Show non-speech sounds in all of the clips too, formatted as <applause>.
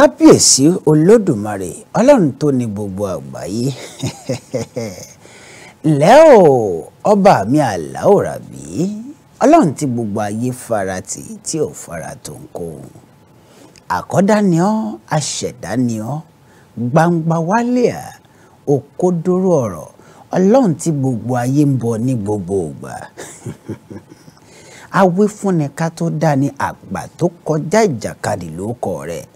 kábíyèsí olódùmarè ọlọ́run tó ní gbogbo àgbáyé <laughs> ǹlẹ́ o ọba mi àláò ràbí ọlọ́run tí gbogbo ayé fara tì tí ò fara tó ń kó àkọ́dá ni ọ́ aṣẹ̀dá ni ọ́ gbangba wálẹ̀ òkodoro ọ̀rọ̀ ọlọ́run tí gbogbo ayé ń bọ ní gbogbo ìgbà awé <laughs> fúnni ká tó dá ní àgbà tó kọjá ìjàkadì lóko rẹ̀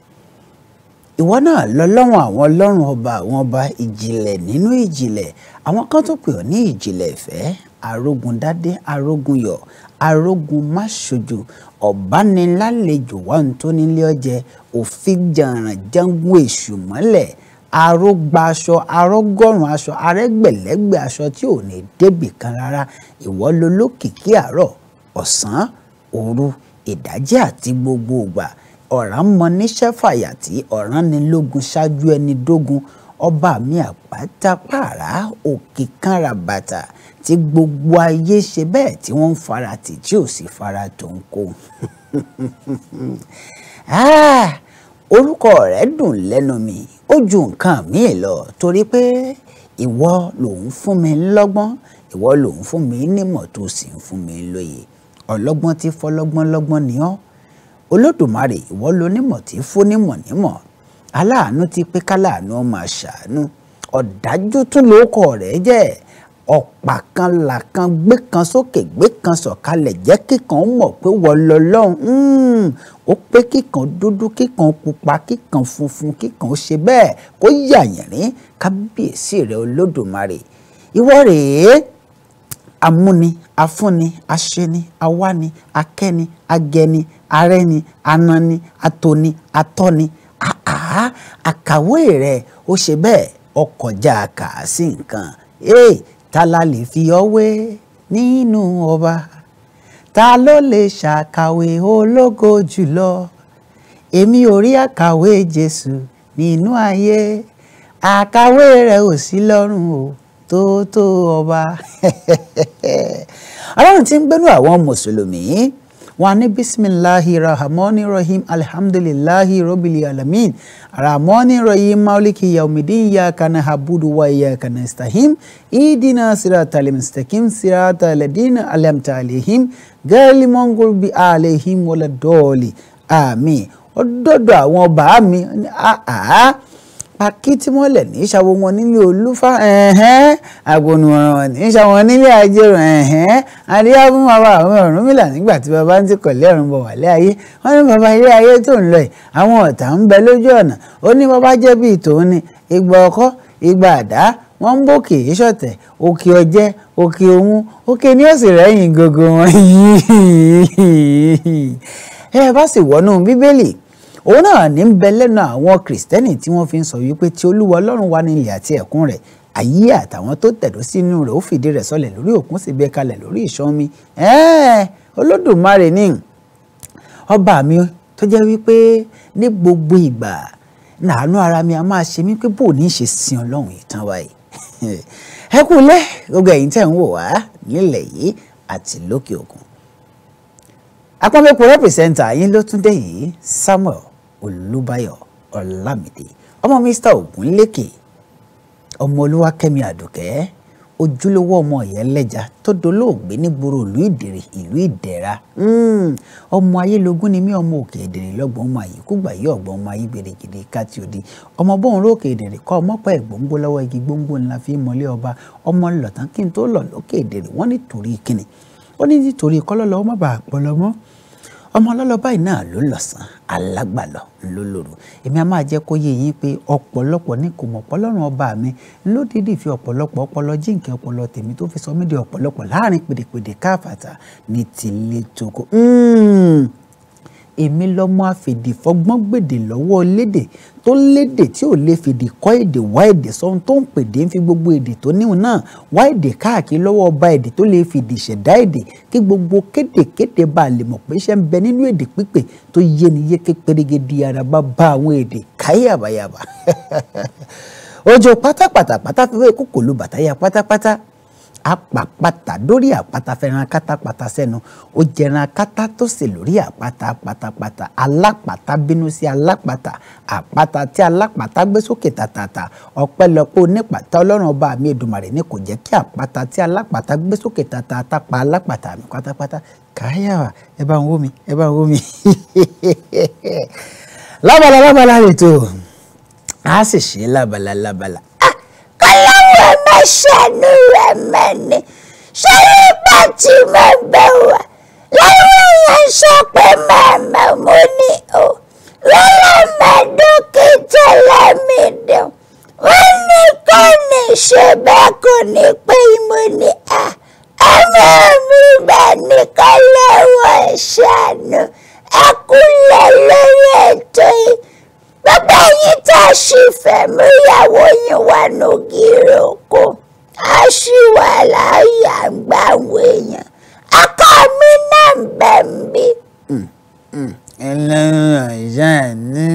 ìwọ náà lọ́lọ́run àwọn ọlọ́run ọba àwọn ọba ìjìnlẹ̀ nínú ìjìnlẹ̀ àwọn kan tó pè ọ́ ní ìjìnlẹ̀ ìfẹ́ arógundádé arógunyọ̀ arógun máṣojú ọ̀bánilálejò wà ń tó nílé ọjẹ òfin jàǹràn jẹ́ngún èṣù mọ́lẹ̀ arógba aṣọ arógọ́rùn aṣọ arẹ́gbẹ̀lẹ́gbẹ̀ aṣọ tí ò ní débì kan rárá ìwọ lolókìkí àárọ̀ ọ̀sán òru ìdájẹ́ àti gbogbo ìgbà ọ̀ràn mọ níṣẹ́ fàyàtì ọ̀ràn ni lógun ṣáájú ẹni dógun ọba mi àpátápàrà òkè kan ràbàtà tí gbogbo ayé ṣe bẹ́ẹ̀ tí wọ́n ń fara tì tí ò sì fara tó ń kó. orúkọ rẹ̀ dùn lẹ́nu mi ó ju nǹkan míì lọ torí pé ìwọ lòun fún mi lọ́gbọ́n ìwọ lòun fún mi nímọ̀ tó sì ń fún mi lóye ọlọ́gbọ́n tí fọlọ́gbọ́n lọ́gbọ́n ni ọ́ olódùmarè ìwọ lonímọ̀ tí fónímọ̀ nímọ̀ aláàánú ti pé káláàánú ọmọ àṣàánú ọ̀dájú tún lóókọ rẹ̀ jẹ́ ọ̀pá kan là kan gbé kan sókè gbé kan sọ̀kalẹ̀ jẹ́ kíkan mọ̀ pé wọ́n lọ lọ́hùn hmm, ó pé kíkan dúdú kíkan pupa kíkan funfun kíkan ṣe bẹ́ẹ̀ kó yàyàn rí kábíyèsí rẹ̀ olódùmarè ìwọ rèé amúni afúnni aṣeni awáni akẹ́ni agẹni arẹ́ni anani atoni atọ́ni àá àkàwé rẹ̀ ó ṣe bẹ́ẹ̀ ọkọjà kà sí nǹkan ee ta la lè fi ọ́ wé nínú ọba ta ló lè ṣàkàwé ológo jùlọ èmi ò rí àkàwé Jésù nínú ayé àkàwé rẹ̀ ò sí lọ́rùn o tó tó ọba <laughs> ọlọ́run tí ń gbẹ́nu àwọn mùsùlùmí wọn ní bisimilahi rahamoni rahim alihamdulilahi robili alamin rahamoni rahim mauliki yaumidi iyaka na habudu wa iyaka na istahim idina sirata alimustakim sirata aladina alamta alihim gaali mongolbi alihim wala dọ́ọ̀lì àmì ọdọdọ àwọn bàá mi àá. Ah, ah akítímọ́lẹ̀ ní ṣàwọ wọn nílé olúfà àgbọ̀nùmọ̀ràn ní ṣàwọn nílé ajérò adíyá fún bàbá àwọn Ọ̀rúnmìlà nígbà tí bàbá ń ti kọ̀lé ọ̀run bọ̀ wálé ayé wọ́n ní bàbá ilé ayé tó ń lọ yìí àwọn ọ̀tá ń bẹ lójú ọ̀nà ó ní bàbá jẹ́ bíi tòun ni ìgbà ọkọ́ ìgbà àdá wọ́n ń bò kì ṣọ̀tẹ̀ òkè ọjẹ́ òkè òun òkè ni ó sì rẹ́yìn gógó wọn yìí <laughs> ẹ bá sì wọnú bíbélì òun náà ní bẹ lẹ́nu àwọn kìrìsìtẹ́nì tí wọ́n fi ń sọ wípé tí olúwa ọlọ́run wà ní ilẹ̀ àti ẹ̀kún rẹ̀ ayé àtàwọn tó tẹ̀dó sínú rẹ̀ ó fìdí rẹ̀ sọlẹ̀ lórí òkun sì bẹ́ kalẹ̀ lórí ìṣàn omi olódùmarè ni ọba mi tó jẹ́ wípé ní gbogbo ìgbà nàánú ara mi a máa ṣe mí pé bò ní ṣe sin ọlọ́run yìí tán wáyé ẹ kú lẹ́ gbogbo ẹ̀yin tẹ̀ ń wò wá nílẹ̀ yìí àti lókè òkun apọ́nbẹ́pọ̀ rẹ́pìsẹ́ńtà yín ló tún dé yìí Samuel olúbáyọ̀ ọlámídé ọmọ mr ògúnlékè ọmọ olúwakẹ́mi àdùkẹ́ ojúlówó ọmọ ìyẹlẹjà tó dolóògbé nígboro ìlú ìdèrè ìlú ìdẹ̀ra hmm. ọmọ ayélogún ni mí ọmọ òkè ìdèrè lọ́gbọ̀n ọmọ àyíkúgbà yí ọ̀gbọ̀n ọmọ ayé gbèrègbèrè káti òde ọmọ bóun rókè ìdèrè kọ ọmọpẹ ìgbóngbó lọ́wọ́ igi gbóngbó ńlá fi mọlé ọba ọmọ lọtàn kí n tó lọ lókè ìdèrè wọn nítorí kíni ó ní nítorí kọlọlọ ọmọ bàá pọlọmọ ọmọ ọlọ́lọ́ báyìí náà ló lọ́sàn alágbàlọ́ ló èmi a máa jẹ́ kó yé yín pé ọ̀pọ̀lọpọ̀ ní kò mọ̀ ọ̀pọ̀lọ́run ọba mi ló dídì fi ọ̀pọ̀lọpọ̀ ọpọlọ jíǹkì ọpọlọ tèmi tó fi sọ mí di ọ̀pọ̀lọpọ̀ láàrin pèdèpèdè káfàtà ní tìlé èmi lọ́mọ àfèdèfọ́gbọ́n gbèdè lọ́wọ́ lédè tó lédè tí ò lè fèdè kọ́ èdè wá èdè sọ́hun tó ń pèdè ń fi gbogbo èdè tó níhun náà wá èdè káàkiri lọ́wọ́ ọba èdè tó lè fèdè ṣẹ̀dá èdè kí gbogbo kédèkéde bá lè mọ̀ pé iṣẹ́ ń bẹ nínú èdè pípé tó yéni yé kékeré di araba bá àwọn èdè káyàbáyàbá ojo <laughs> pátápátá pátápátá kókò ló bàtáyà pátápátá apàpàtà dórí àpáta fẹ́ràn kátàpàtà sẹ́nu ó jẹran kátà tó sì lórí àpáta pátápátá alápàtà bínú sí alápàtà àpáta tí alápàtà gbé sókè tàtàtà ọpẹ́lọpẹ́ onípàtà ọlọ́run ọba mi Èdùmàrè ni kò jẹ́ kí àpáta tí alápàtà gbé sókè tàtàtà pa alápàtà mi pátápátá káyàwá ẹ bá ń wó mi ẹ bá ń wó mi <laughs> lábala lábala ètò a sì ṣe lábala lábala máa ṣàánú rẹ̀ mẹ́ni ṣé nípa tí mo bẹ̀wà láwọn èèyàn sọ pé màmá mo ní o lọ́la mẹ́dókítà lámìdán wọ́n ní kò ní ṣe bẹ́ẹ̀ kò ní pé mo ní à ọmọ mi bá nìkan gbogbo ẹ̀yin tá a ṣì fẹ́ mú ìyàwó yín wá nògiri oko a ṣì wà láàyè àgbà àwọn èèyàn akọ mi náà ń bẹ̀ ń bí. Hmm, hmm, ẹlẹ́rìn ọ̀yá ni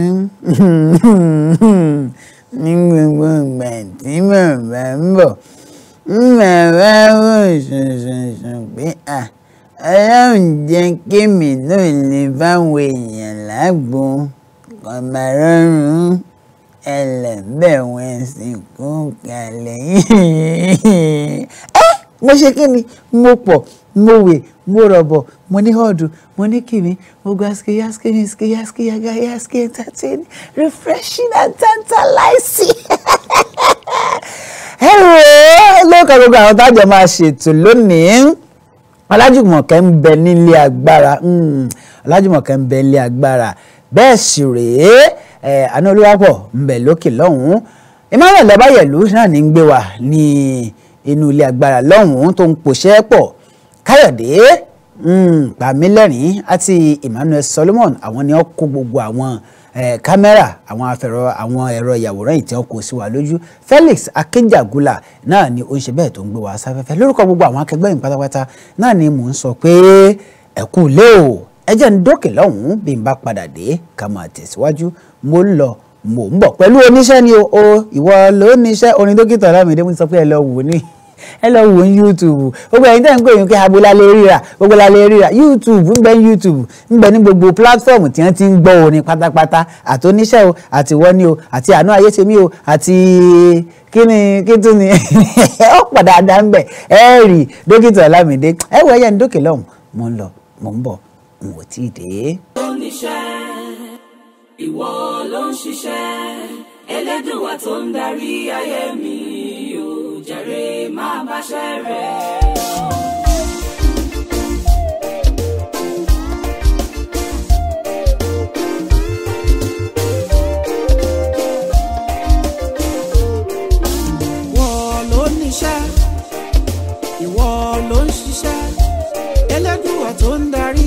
ní gbogbo ìgbà tí bàbá ń bọ̀ ń bàbá rò ṣùṣùṣù pé à ọlọ́run jẹ́ kémi náà lè báwọn èèyàn lágbo. pàmàrọrùn ẹlẹbẹ wọn sìnkú kalẹ̀ yìí <laughs> ẹ mo ṣe kí mo pọ mo wè mo rọbọ mo ní họ́ọ̀dù mo ní mo gba skiyaski ní skiyaski yaga yaski entertain refreshing and tantalizing. <laughs> ẹ wò ó lóòkà gbogbo àwọn tájọ máa ṣètò lónìí ń bẹ nílé agbára hmm, ń bẹ nílé bẹ́ẹ̀ sì rèé ẹ̀ àná olúwapọ̀ ń bẹ lókè lọ́hùn-ún Emmanuel Ọbáyẹ̀lú náà ní ń gbé wa ní inú ilé agbára lọ́hùn-ún tó ń pòṣẹ́ pọ̀ Káyọ̀dé Pàmílẹ́rìn hmm, àti Emmanuel Solomon àwọn ni wọ́n kó gbogbo àwọn kámẹ́rà àwọn afẹ̀rọ àwọn ẹ̀rọ ìyàwòrán ìtẹ́ ọkọ̀ sí wa lójú Felix Akínjàgúlà náà ni ó ń ṣe bẹ́ẹ̀ tó ń gbé wa sáfẹ́fẹ́ lórúkọ gbogbo àwọn akẹgbẹ́ mi pátápátá náà ni mò ń sọ pé ẹ lé o ẹ jẹ́ ń dókè lọ́hùn-ún bí n bá padà dé ká máa tẹ̀síwájú mo ń lọ mò ń bọ̀ pẹ̀lú oníṣẹ́ ni o ìwọ ló níṣẹ́ orin dókítà Ọlámídé mo sọ pé ẹ lọ wò ní <laughs> ẹ lọ wò ní YouTube gbogbo ẹ̀yin tẹ́ ń pè yín pé agbolale ríra agbolale ríra YouTube ń bẹ ní YouTube ń bẹ ní gbogbo platform tí wọ́n ti ń gbọ́ orin pátápátá àti oníṣẹ́ o àti wọ́n ni o àti àánú ayéṣemí o àti kí ni kí tún ni <laughs> ó pọ̀ dáadáa ń bẹ̀ ẹ rí dókítà Ọlámídé ẹ wọ ẹyẹ ní dókè lọ́hùn mo ń lọ mo ń bọ̀ n ò tí ì dé. ó níṣẹ́ ìwọ ló ń ṣiṣẹ́ Ẹlẹ́dùnwá tó ń darí ayé mi ò jàre máa báṣẹ́ rẹ̀. ìwọ ló ń ṣiṣẹ́ Ẹlẹ́dùwà tó darí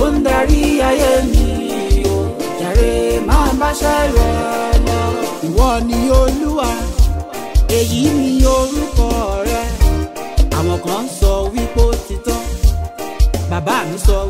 tó ń darí ayé mi jàre máa bá ṣẹlẹ̀ lọ. ìwọ ni olúwa èyí ni orúkọ rẹ àwọn kan sọ wípé ó ti tán bàbá mi sọ wípé.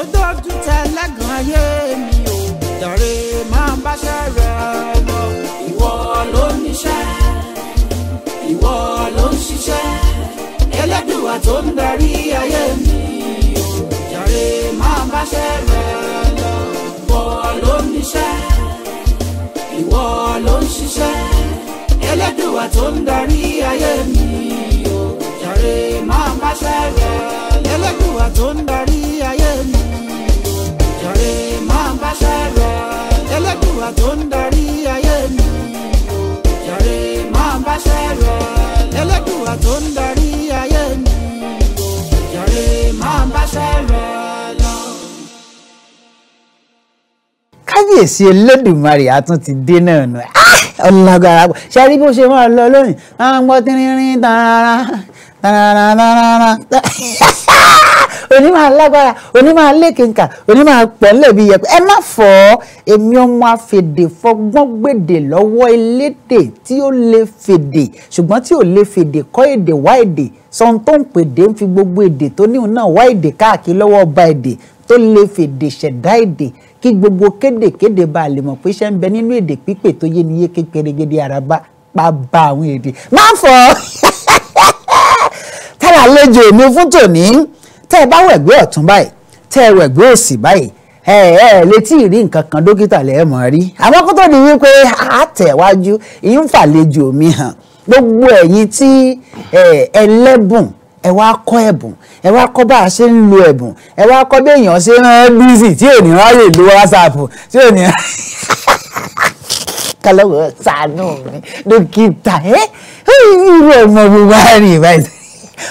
ó dójú tẹ lẹ́gàn ayé mi ò dọ̀rẹ́ máa bá ṣẹ̀rẹ̀ lọ. ìwọ ló níṣẹ́ ìwọ ló ń ṣiṣẹ́ Ẹlẹ́dùwà tó ń darí ayé mi ò dọ̀rẹ́ máa bá ṣẹ̀rẹ̀ lọ. ìwọ ló níṣẹ́ ìwọ ló ń ṣiṣẹ́ Ẹlẹ́dùwà tó ń darí ayé mi ò dọ̀rẹ́ máa bá ṣẹ̀rẹ̀ lọ. Ẹlẹ́dùwà tó ń darí ayé mi bá sọ̀rọ̀ Elédùà tó ń darí ayé mi jàre máa bá sọ̀rọ̀ kábíyèsí Elédùmarè àtún ti dé náà nù ah! ọlágbára pọ̀ bó ṣe máa lọ lónìí máa ń gbọ́ tínírín tààrà tààrà tààrà òní máa lágbára òní máa lékenkà òní máa pọ̀ ńlẹ̀bi yẹpẹ̀ ẹ má fọ́ èmi ọmọ afèdè fọgbọ́n gbèdè lọ́wọ́ elédè tí ó lè fèdè ṣùgbọ́n tí ò lè fèdè kọ́ èdè wá èdè sọ́n tó ń pèdè ń fi gbogbo èdè tó níhùn náà wá èdè káàkiri lọ́wọ́ ọba èdè tó lè fèdè ṣẹ̀dá èdè kí gbogbo kédèkéde bá a lè mọ̀ pé iṣẹ́ ń bẹ nínú èdè pípè tó yé ni yé kékeré gédé araba pa ba àwọn èdè má fọ́ <laughs> tára àlejò mi fún tòní tẹ́ ẹ bá wẹ̀gbẹ́ ọ̀tún báyìí tẹ́ ẹ wẹ̀gbẹ́ òsì báyìí ẹ ẹ létí ìrí nǹkan kan dókítà lẹ́ẹ̀ mọ̀ rí àmọ́ kó tó di wípé àtẹ̀wájú ìyún fàlejò mi hàn gbogbo ẹ̀yin tí ẹlẹ́bùn ẹ wá kọ́ ẹ̀bùn ẹ wá kọ́ bá a ṣe ń lo ẹ̀bùn ẹ wá kọ́ bí èèyàn ṣe rán bíìsì tí ènìyàn lè lo whatsapp tí ènìyàn kálọ̀wọ̀ sànù mi dókítà ẹ irú ọmọ mi wá rí báyìí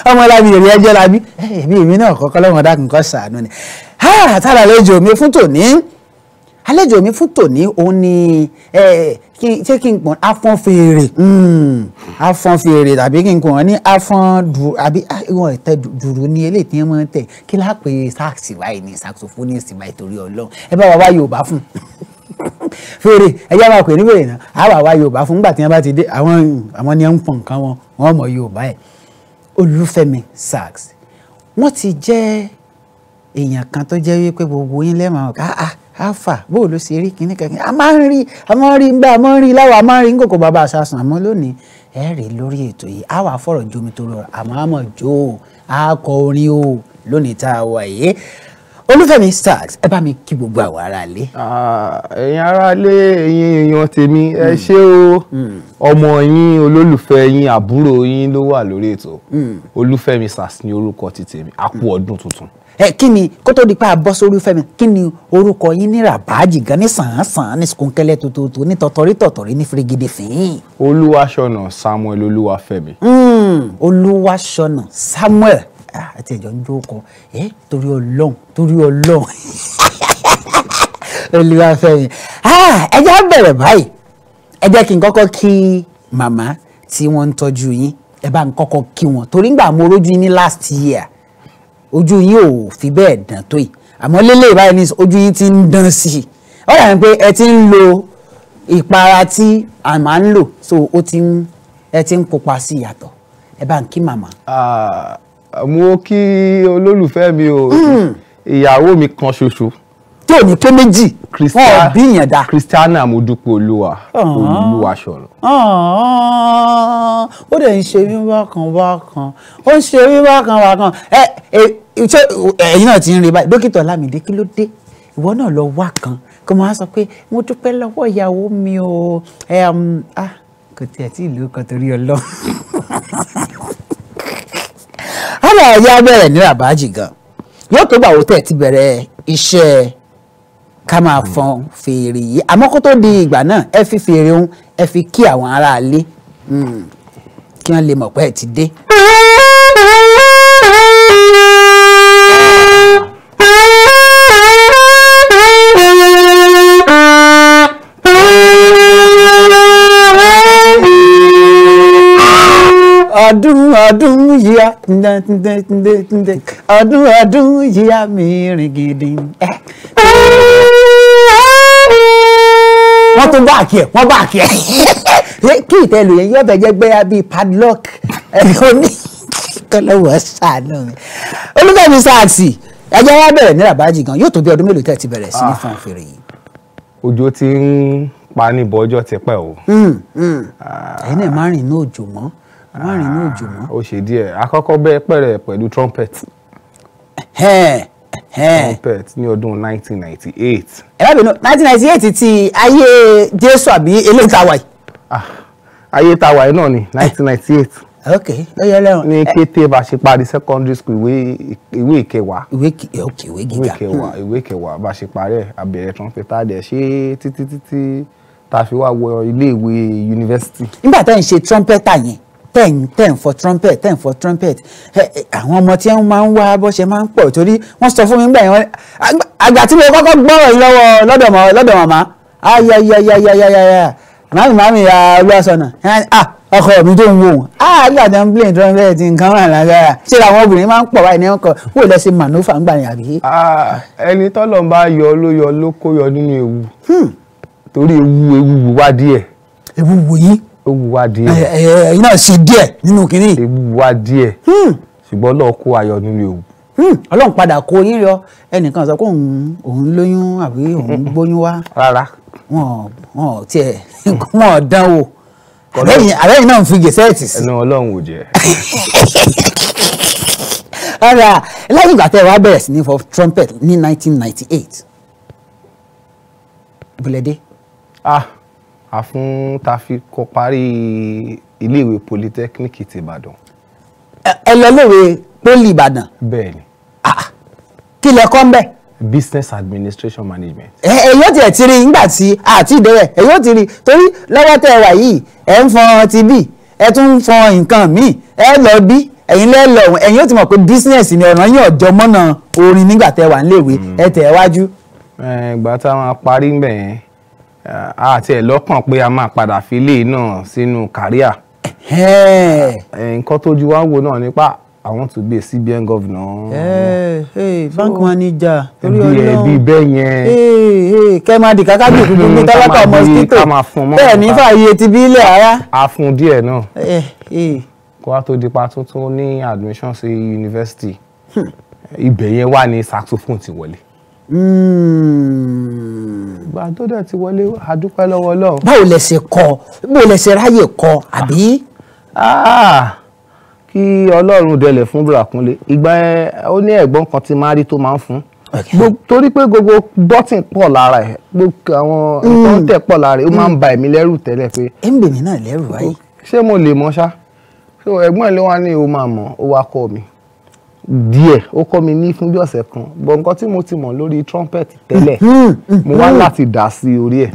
ọmọ lábí èrè ẹjọ́ lábí ẹ̀bí èmi náà kọ́kọ́ lọ́wọ́n dákun kọ́ sàánú ni àtàlà àlejò mi fún tòní àlejò mi fún tòní òun ni ṣé kí n pọ̀n afọ́n fèrè hmm, afọ́n fèrè tàbí kí n pọ̀n ní afọ́n dùrù àbí ìwọ̀n ẹ̀tẹ́ dùrù ní eléyìí tí wọ́n tẹ̀ kí lápè sáàsì báyìí ní saxophonist báyìí ọlọ́run ẹ bá wa wá Yorùbá fún <laughs> fèrè ẹjẹ máa pè ní fèrè náà àwa wá Yorùbá fún nígbà tí wọ́n bá ti dé àwọn ni wọ́n ń pọ̀ nǹkan wọn wọ́n mọ̀ Yorùbá ẹ̀ olúfẹ́mi sax wọ́n ti jẹ́ èèyàn kan tó jẹ́ wípé gbogbo yín lẹ́mọ̀ ọ̀ká àfà bóò ló ṣe rí kíní kankan a máa ń rí a máa ń rí gbà a máa ń rí láwọ̀ a máa ń rí nkòkò bàbá àṣàṣàn àmọ́ lónìí ẹ rí lórí ètò yìí a wà fọ̀rọ̀ jomi tó rọrùn àmọ́ a kọ orin o lónìí tá a wà yìí olúfẹ́mi stars ẹ bá mi kí gbogbo àwọn aráalé. ẹ̀yin aráalé ẹ̀yin èèyàn tèmi ẹ hmm. ṣé o hmm. ọmọ yín olólùfẹ́ yín àbúrò yín ló wà lórí ètò hmm. olúfẹ́mi stars ní orúkọ ti tèmi a kú ọdún tuntun. ẹ kí ni kó tó di pa bọ́ sórí kí ni orúkọ yín ní ràbáàjì gan ní sàn-án-sàn ní skunkẹ́lẹ́ tòótọ́ ní tọ̀tọ̀rí tọ̀tọ̀rí ní fìrìgìdì fìhín. olúwaṣọ̀nà samuel olúwafẹ́mi. olúwaṣọ̀nà samuel Ah, àti ẹ̀jọ̀ ń jókòó ẹ̀ torí ọlọ́run torí ọlọ́run <laughs> olùwàfẹ́yìn ah, ẹ jẹ́ á bẹ̀rẹ̀ báyìí ẹ jẹ́ kí n kọ́kọ́ kí màmá tí wọ́n ń tọ́jú yín ẹ bá ń kọ́kọ́ kí wọn torí ngbà mo rójú yín ní last year ojú yín ò fi bẹ́ẹ̀ dán tó yìí àmọ́ lélẹ̀ báyìí ní ojú yín ti ń dán sí i ó yà ní pé ẹ ti ń lo ìpara tí a máa ń lò so ó ti ń ẹ ti ń kópa sí ìyàtọ̀ ẹ bá ń kí màmá. Ah, mo kí olólùfẹ́ mi o hmm. ìyàwó mi kan ṣoṣo. tí ò ní pé méjì wọn ò bí ìyàn dá. Christiana Modúpẹ́olúwa ah. olúwa sọ̀rọ̀. Ah. ó dẹ̀ ń ṣe wíwá kan wá kan ó ń ṣe wíwá kan wá kan ẹ ẹ ṣé ẹ̀yin náà ti ń rí báyìí dókítà Ọlámídé kí ló dé ìwọ náà lọ wá kan kó máa sọ pé mo dúpẹ́ lọ́wọ́ ìyàwó mi o um, ah, kò tiẹ̀ tí ìlú kan torí Ọlọ́run. <laughs> hálà ẹ̀yà bẹ̀rẹ̀ ní rabaji gan yóò tó gbà wò tẹ̀ ti bẹ̀rẹ̀ iṣẹ́ ká máa fọn fèrè yìí àmọ́ kó tó di ìgbà náà ẹ fi fèrè ohun ẹ fi kí àwọn aráalé kí wọ́n lè mọ̀ pé ẹ ti dé. ọdún ọdún yíyá ọdún ọdún yíyá mi rìn gidi. Eh. wọ́n tún bá àkí ẹ̀ wọ́n bá àkí ẹ̀ eh, kí ìtẹ̀lù yẹn yọ̀bẹ̀ jẹ́ gbéra bíi padlock eh, oní kọlọ́wọ́ sànù mi. olùkọ́ni sáàtì ẹjọ́ wa bẹ̀rẹ̀ ní rabaji gan yóò tó bí ọdún mélòó tẹ̀ ti bẹ̀rẹ̀ sí ní fún ah. fèrè yìí. òjò ti ń pa ní bọ́jọ́ tipẹ́ o. Hmm, hmm. ah. ẹ̀yin náà má rìn inú òjò mọ́ má rìn ní òjò mọ́. Ah, ó ṣe díẹ̀ àkọ́kọ́ bẹ́ẹ̀ pẹ̀rẹ̀ pẹ̀lú trumpet. trumpet ní ọdún 1998. ẹ bá bínú 1998 ti ayé jésù àbí eléyìí tá a wà yìí. Ah, ayé tá a wà yìí náà ni 1998 ok lọ́yọ̀ lẹ́rùn. ní kété bá ṣe parí secondary school ìwé ìwé ìkẹwàá. ìwé ok ìwé gíga. ìwé ìkẹwàá ìwé ìkẹwàá bá ṣe parí ẹ̀ abẹ̀rẹ̀ trumpet tá a dẹ̀ ṣe títí títí tá a fi wá wọ ilé ìwé yunifásitì. nígbà tá à ń ṣe trumpeter yẹn ten ten for trumpet ten for trumpet àwọn ọmọ tí wọ́n máa ń wá bó ṣe máa ń pọ̀ torí wọ́n sọ fún mi gbà yẹn àgbà tí mo kọ́kọ́ gbọ́rọ̀ yìí lọ́wọ́ lọ́dọ̀ màmá ayayayayayaya màmí màmí ya olúwaṣọnà ọkọ mi tó ń wò wọn àgbà tó ń blame trumpet nǹkan wà lágbára ṣé làwọn obìnrin máa ń pọ̀ báyìí ní ọkọ̀ wò lẹ sí manova ń gbà ní àbí. ẹni tọ́lọ̀ ń bá yọ ló yọ ló kó yọ nínú ewu hmm. torí ewu ewu wá díẹ̀. ewu wò yìí ó wù wá díẹ̀. ẹ ẹ iná ṣe díẹ̀ nínú kínní. ṣe wù wá díẹ̀ hmm. ṣùgbọ́n náà kó ayọ̀ nílé o hmm. ọlọ́run padà kó yín yọ ẹnìkan sọ pé òun òun lóyún àbí òun <laughs> gbóyún wá. rárá. wọn ò tiẹ̀ <laughs> wọn ò dán wò àbẹ́yìn náà ń fi gẹ̀sẹ́ẹ̀tì sí. ẹnu ọlọ́run ò jẹ́. ara <laughs> lẹ́yìn ìgbà tẹ́ ẹ wá bẹ̀rẹ̀ sí ní for trumpet ní nineteen bùlẹ̀dẹ́. ah a fún ta fi kọ parí iléèwé polytechnic ti Ìbàdàn. ẹ lọ léwe poli Ìbàdàn. Ah, ah. kí lẹ kọ́ ń bẹ̀. business administration management. ẹ ẹ yóò tiẹ̀ ti rí nígbà tí àti ìdẹ́rẹ̀ ẹ yóò ti rí torí lọ́wọ́ tẹ́ ẹ wà yìí ẹ ń fọn ti bí ẹ tún ń fọn nǹkan míì ẹ lọ bí ẹ̀yin lẹ́lọ̀ ọ̀hún ẹ̀yin ó ti mọ̀ pé business ni ọ̀ràn yín ọ̀jọ́ mọ́nà orin nígbà tẹ́ wà ń léwe mm. ẹ tẹ̀ ẹ wájú. ẹ gbà táwọn parí ń bẹ̀ yẹn àti ẹ̀ lọ́kàn pé a máa padà fi ilé náà sínú kàríà. Eh, nǹkan tójú wa ń wo náà nípa ah, I want to be a CBN governor. Hey, hey, bank manager. Torí ọlọ́run. Ẹbí bẹ́ẹ̀ yẹn. Hey, hey, kẹ́ máa di káká bí <laughs> òkúta ní tálákà mosquito. Ká máa fún mọ́. Bẹ́ẹ̀ ní fààyè ti bí ilẹ̀ ara. A fún díẹ̀ náà. Eh, Kó wá tó dipa tuntun ní admission sí yunifásitì. Hmm. Ibẹ̀ yẹn wà ní saxophone ti wọlé. Hmm. gbà tó dẹ̀ ti wọlé àdúpẹ́ lọ́wọ́ Ọlọ́run. báwo lẹ ṣe kọ báwo lẹ ṣe ráyè kọ àbí. Ah, kí Ọlọ́run dẹlẹ̀ fún Bùràkúnlé ìgbà yẹn ó ní ẹ̀gbọ́n kan tí máa rí tó máa ń fún torí pé gbogbo bọ́tìn pọ̀ lára ẹ̀ gbogbo àwọn nǹkan hmm. tẹ̀ pọ̀ lára ẹ̀ ó máa ń ba hmm. ẹ̀mí lẹ́rù tẹ́lẹ̀ pé. ẹ ń bè mí náà lẹ́rù ayé. ṣé mo lè mọ ṣá ẹ̀gbọ́n ẹ̀ ló o máa mọ̀ ó wá kọ́ mi díẹ̀ ó kọ́ mi ní fún bí ọ̀sẹ̀ kan bọ̀ nǹkan tí mo ti mọ̀ lórí trumpet tẹ́lẹ̀ mo wá láti dà sí orí ẹ̀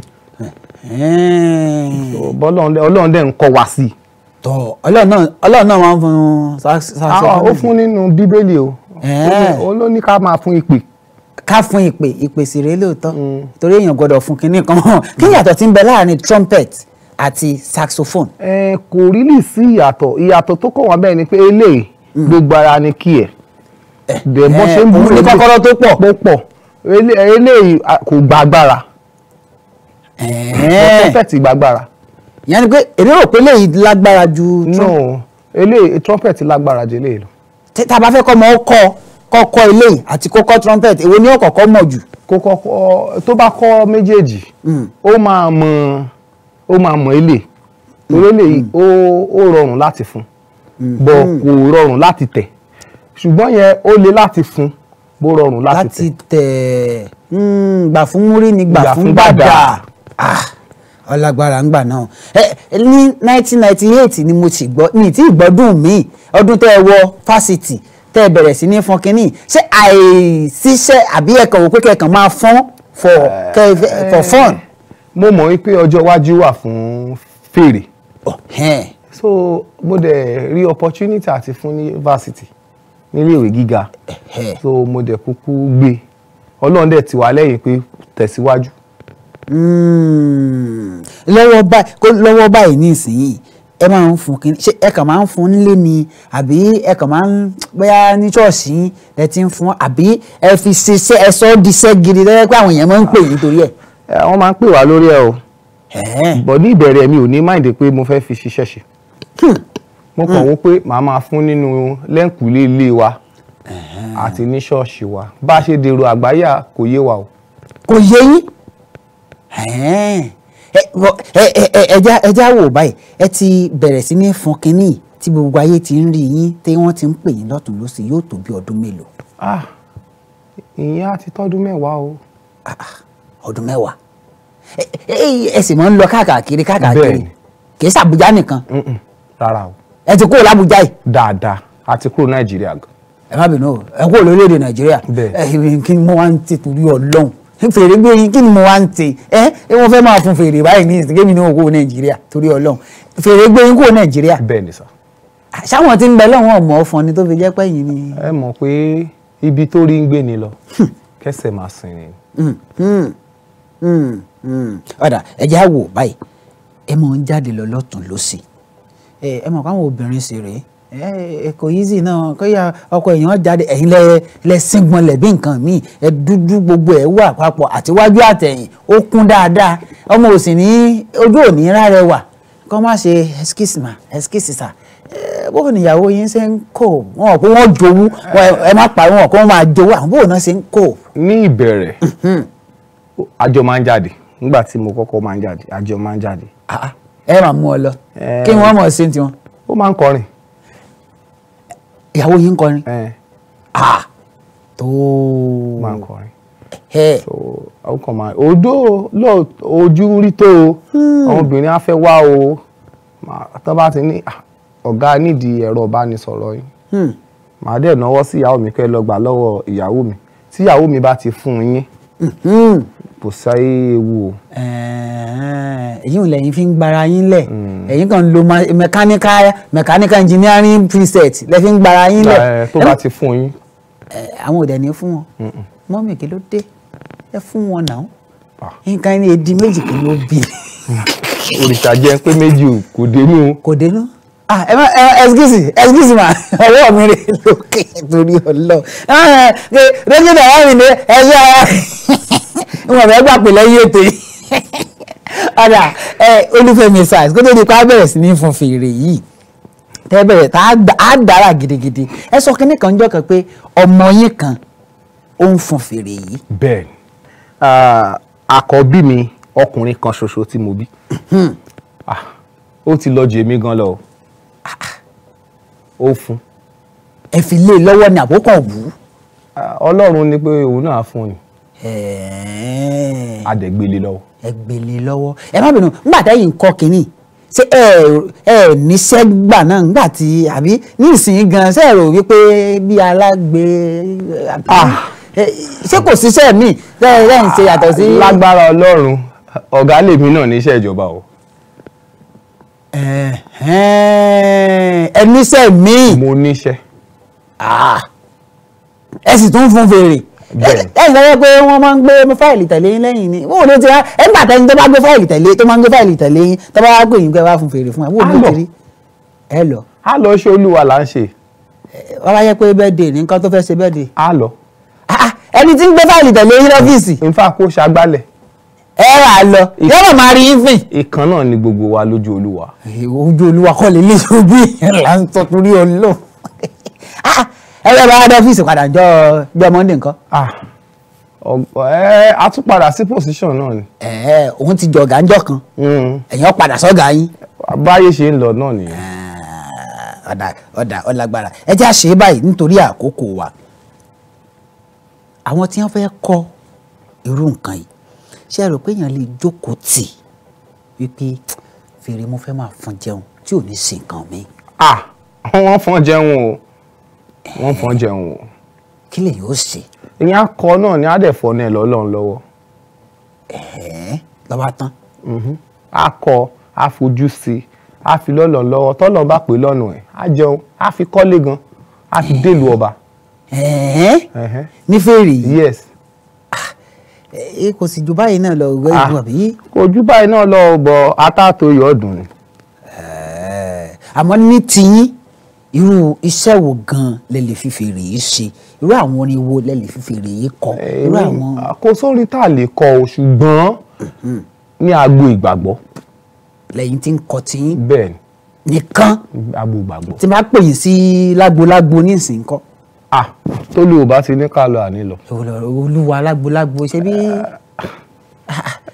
ọlọ́run dẹ̀ ń kọ́ wa sí i. tọ ọlọ́run náà máa ń fún un ṣáṣọ. Ah, ó fún nínú bíbélì o ó ló ní ká máa fún ìpè. ká fún ìpè ìpè sì rèé lóòótọ́ mm. torí èèyàn gbọ́dọ̀ fún kinní kan mm. kí yàtọ̀ tí ń bẹ láàrin trumpet àti saxophone. ẹ kò rí lì sí ìyàtọ̀ ìyàtọ̀ tó kọ̀ wọ́n bẹ́ẹ̀ ni pé eléyìí mm. gbogbo ara ni kí ẹ̀ bẹ́ẹ̀ bó ṣe ń burú ní kọ́kọ́rọ́ tó pọ̀ tó pọ̀ eléyìí kò gba agbára trumpet gba agbára. ìyẹn ni pé èmi rò pé eléyìí lágbára ju. no eléyìí trumpet lágbára ju eléyìí lọ. tá a bá fẹ́ kọ́ ọmọ ó kọ́ ọ kọ́kọ́ eléyìí àti kọ́kọ́ trumpet èwo ni ó kọ́kọ́ mọ̀ jù. kókọ́ tó bá kọ́ méjèèjì hmm. ó máa mọ ó máa mọ ilé torí hmm. eléyìí ó rọrùn láti fún hmm. bọ̀ kò rọrùn láti tẹ̀ ṣùgbọ́n yẹn ó le láti fún bó rọrùn láti tẹ̀. láti tẹ̀ hmm, gbà fún múrí ni gbà fún gbàdà ah, ọlágbára ń gbà náà ní 1998 ni mo ti gbọ́ mi ti gbọ́dún mi ọdún tẹ́ ẹ wọ fásitì tẹ́ ẹ bẹ̀rẹ̀ sí ní fọn kínní ṣé àìsíṣẹ́ àbí ẹ̀kan wò pé kẹ̀kan máa fọ́n for eh, fun. mo mọ̀ wípé ọjọ́ iwájú wà fún fèrè oh, so mo dẹ̀ rí opportunity àti fún ní varsity nílé ìwé gíga so mo dẹ̀ kúkú gbé ọlọ́run dẹ̀ ti wà lẹ́yìn pé tẹ̀síwájú. Hmm. lọ́wọ́ báyìí ní ìsinyìí ẹ máa ń fún kí ṣé ẹ kàn máa ń fún nílé ni àbí ẹ kàn máa ń bóyá ní ṣọ́ọ̀ṣì ẹ ti ń fún àbí ẹ fi ṣiṣẹ́ ẹ sọ ọ́ di iṣẹ́ gidi lẹ́yìn pé àwọn èèyàn máa ń pè nítorí ẹ̀. wọ́n máa ń pè wá lórí ẹ̀ o bọ̀ ní ìbẹ̀rẹ̀ mi ò ní máìndì pé mo fẹ́ fi ṣiṣẹ́ ṣe hmm mo kàn mm. wọ́n pé màá máa fún nínú lẹ́ǹkùlé ilé wa àti ní ṣọ́ọ̀ṣì wa bá a ṣe dèrò àgbáyà kò yé wa o. kò yé yín ẹja wò báyìí ẹ ti bẹ̀rẹ̀ sí ní fún kínní tí gbogbo ayé ti ń rí yín tí wọ́n ti ń pè yín lọ́tún lọ́sì yóò tó bí ọdún mélòó. ah ìyẹn á ti tọ́dún mẹ́wàá o. Ah, ah, ọdún mẹ́wàá ẹ sì máa ń lọ káàkiri káàkiri kì í ṣàbújá nìkan. rárá o ẹ ti kúrò lábújá yìí. dáadáa a ti kúrò nàìjíríà gan. ẹ má bínú ẹ kúrò lórílẹ̀‐èdè nàìjíríà ẹ kí ni mo wá ń ti torí ọlọ́run fèrè gbé kí ni mo wá ń ti ẹ ẹ wọ́n fẹ́ máa fún fèrè báyìí ní ìsìnkú mi ní òkú nàìjíríà torí ọlọ́run fèrè gbé yín kúrò nàìjíríà. bẹ́ẹ̀ni sá. sáwọn tí ń bẹ lọ́wọ́ ọmọ ọ̀fọ̀n ni tó fi jẹ́ pẹ́yìn ni. ẹ mọ̀ pé ibi tó rí ń gbé ni lọ hmm. kẹsẹ̀ máa sìn ni. Hmm, hmm, ọ̀dà ẹ̀jẹ̀ á wò báyìí ẹ mọ̀ ń jáde lọ lọ́tún lọ́sìn ẹ mọ̀ káwọn obìnrin sì rèé kò easy ọkọ èèyàn jáde ẹ̀yin lẹ́sìngbọ̀n lẹ̀bí nǹkan ẹ dúdú gbogbo ẹ̀ wà papọ̀ àtiwájú àtẹ̀yìn ó kún dáadáa ọmọ òsì ní ojú òní kọ́ má ṣe bóun níyàwó yín ṣe ń kó wọn kó wọn jowú ẹ má parí wọn kó wọn máa jowú àwọn bóun náà ṣe ń kó. ní ìbẹ̀rẹ̀ mhm. àjọ máa ń jáde nígbà tí mo kọ́kọ́ máa ń jáde àjọ máa ń jáde ah, ah. ẹ máa mú ọ lọ kí wọ́n mọ̀ sí tiwọn. ó máa ń kọrin. ìyàwó yìí ń kọrin. tó máa ń kọrin. ọkọ máa odó lọ ojú rí tó o hmm. ọmọbìnrin á fẹ́ wá o tó bá ti ní ọ̀gá nídìí ẹ̀rọ ìbánisọ̀rọ̀ yìí hmm. màá dẹ̀ náwó sí ìyàwó mi kẹ́ lọ gbà lọ́wọ́ ìyàwó mi tíyàwó mi bá ti fún yín Mm-hmm. kò sáyé ewu o. èyí ò lẹ́yìn fi ń gbara yín lẹ̀ mm. ẹ̀yin kan lo mechanical mechanical engineering preset lẹ́ fi ń gbara yín lẹ̀. tó bá ti fún yín. àwọn òde ni fún wọn mọ́mì kí ló dé ẹ fún wọn náà ah. nǹkan ẹni èdè méjì kí ló bì. <laughs> òrìṣà jẹ́ pé méjì kò dénú. kò dénú ah ẹ má ẹ ẹsikisi ẹsikisi ma <laughs> ọwọ́ mi rè lókè torí ọlọ ah, dókítà wà mí ní ẹyẹ ara <laughs> ìwọ̀n bẹ́ẹ̀ gbà pé lẹ́yìn ètò yìí <laughs> ọ̀dà ẹ olúfẹ́mi sars kó tó di pa bẹ̀rẹ̀ sí ní fún fèrè yìí tẹ́ bẹ̀rẹ̀ tá a dára gidigidi ẹ sọ kínní kan jọ́ kan pé ọmọ yín kan ó ń fún fèrè yìí. bẹ́ẹ̀ ah, àkọ́bí mi ọkùnrin kan ṣoṣo tí mo bí hmm. ah, ó ti lọ jù èmi gan lọ ó fún. ẹ fi lé e lọ́wọ́ ni àkókò wù ú. ọlọ́run ni pé òun náà fún yín. àdẹ̀gbélé lọ́wọ́. ẹgbélé lọ́wọ́ ẹ má bínú nígbà táyì ń kọ́ kínní ṣé ẹ ẹ níṣẹ́ gbà náà nígbà tí àbí ní gan ṣe rò wípé bí alágbe ah. ṣé kò síṣẹ́ mi lẹ́yìn ṣe yàtọ̀ sí. lágbára ọlọ́run ọ̀gá lèmi náà níṣẹ́ ìjọba o ẹ níṣẹ́ míì. mo níṣẹ́. Ah. ẹ sì tún fún fèrè ẹ ń sọ pé wọ́n máa ń gbé fáìlì tẹ̀lé yín lẹ́yìn ni wọ́n ò lè ti rá ẹ ń bàtà ẹni tó bá gbé fáìlì tẹ̀lé tó máa ń gbé fáìlì tẹ̀lé yín tó bá gbé yín pé wá fún fèrè fún ẹ wọ́n ò lè ti rí ẹ lọ. a lọ ṣe olúwa là ń ṣe. wọ́n bá yẹ pé bẹ́ẹ̀dẹ̀ nìkan tó fẹ́ ṣe bẹ́ẹ̀dẹ̀. a lọ. Ah, ah, ẹni tí ń gbé fáìlì tẹ̀lé yín lọ́fíìsì. nfa kó ṣàgbálẹ̀ ẹ rà á lọ yóò mọ̀ máa rí yín ìkan náà ni gbogbo wa lójú olúwa. ojú olúwa kọ́ lè lè ojú ìyẹn là ń sọ torí ọlọ́ <laughs> ah, ẹ bẹ́ẹ̀ bá wá dé ọ́fíìsì padà jọ jọ mọ́ndé nǹkan. a tún padà sí pòsíṣàn náà ni. òun ti jọ ọ̀gá ńjọ kan hmm. ẹ̀yin padà sọ́gà yín. báyé ṣe ń lọ náà nìyẹn. Ah, ọ̀dà ọ̀dà ọ̀làgbára ẹ jẹ́ àṣẹ báyìí nítorí àkókò wa àwọn tí wọ́n fẹ́ kọ́ irú nǹkan yìí ṣé ẹ rò pé èèyàn lè jókòó tì wípé fèrè mo fẹ́ máa fọn jẹun tí ò ní sin nǹkan mi. ah wọ́n fọn jẹun o wọ́n fọn jẹun o. kí lè yóò ṣe. ìyẹn akọ náà ni adẹ̀fọ́ náà lọ́lọ́run lọ́wọ́. ẹ̀ẹ́ lọ́ba tán. Mhm. akọ afojú sí a fi lọ́lọ́run lọ́wọ́ tọ́lọ́ bá pè lọ́nà ẹ̀ á jẹun á fi kọ́lé gan á fi délùú ọba. ẹ̀ẹ́ ní fèrè yes ẹ kò sì ju báyìí náà lọ ìwé ah, ìgbọ̀n bí. kò ju báyìí náà lọ bọ̀ atátó yọ̀ọ̀dùn ni. àmọ́ ní tiyín irú iṣẹ́ wo gan-an lè lè fi fèrè yìí ṣe irú àwọn orin wo lè lè fi kọ irú àwọn. kò sórin tá a lè kọ o ṣùgbọ́n ní agbo ìgbàgbọ́. lẹ́yìn tí ń kọ tiyín. bẹ́ẹ̀ ni. nìkan. agbo ìgbàgbọ́. tí máa pè yín sí lágbo lágbo ní ìsìn kan ah tólú ò bá ti ní ká lọ àní lọ. olúwa lágbolágbo ṣe bí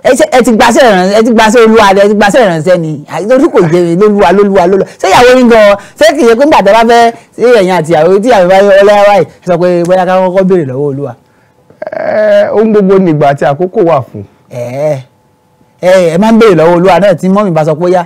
ẹ ti gbàṣẹ ìrànṣẹ́ ẹ ti gbàṣẹ olúwa ẹ ti gbàṣẹ ìrànṣẹ́ ni lórí kò jẹ lóluwa lóluwa lóluwa ṣé ìyàwó yín gan ṣé kì í ṣe pé nígbà tó bá fẹ́ ṣé ẹ̀yin àti ìyàwó tí ìyàwó bá yọ ọlẹ́yà wáyé sọ pé bóyá ká kọ́kọ́ béèrè lọ́wọ́ olúwa. ohun gbogbo nìgbà àti àkókò wà fún. ẹ ẹ ẹ máa ń béèrè lọ́wọ́ olúwa náà tí mọ́mì bá sọ pé ó yá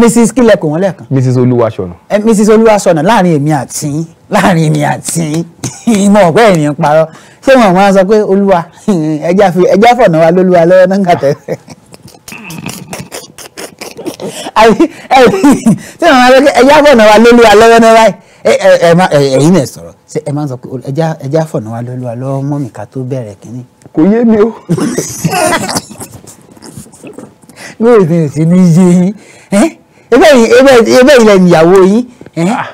mrs kílẹ̀ kò wọ́n lẹ́ẹ̀kan. mrs olúwaṣọ̀nà. ẹ mrs olúwaṣọ̀nà láàrin èmi àti láàrin èmi àti <laughs> mo ọ̀pẹ́ èmi ń parọ́ ṣé wọn àwọn sọ pé olúwa <laughs> ẹja fọ̀nà wa lólúwa lọ́wọ́ náà gàtẹ́. <laughs> ṣé wọn àwọn ẹja fọ̀nà wa lólúwa lọ́wọ́ náà báyìí ẹ̀yin náà sọ̀rọ̀ ṣé ẹ máa ń sọ pé ẹja fọ̀nà wa lólúwa lọ́wọ́ mọ́mì ká tó bẹ̀rẹ̀ kínní. kò yé mi o mi ò tún sí ní yé yín ebe ilẹ̀ níyàwó yín. Ah.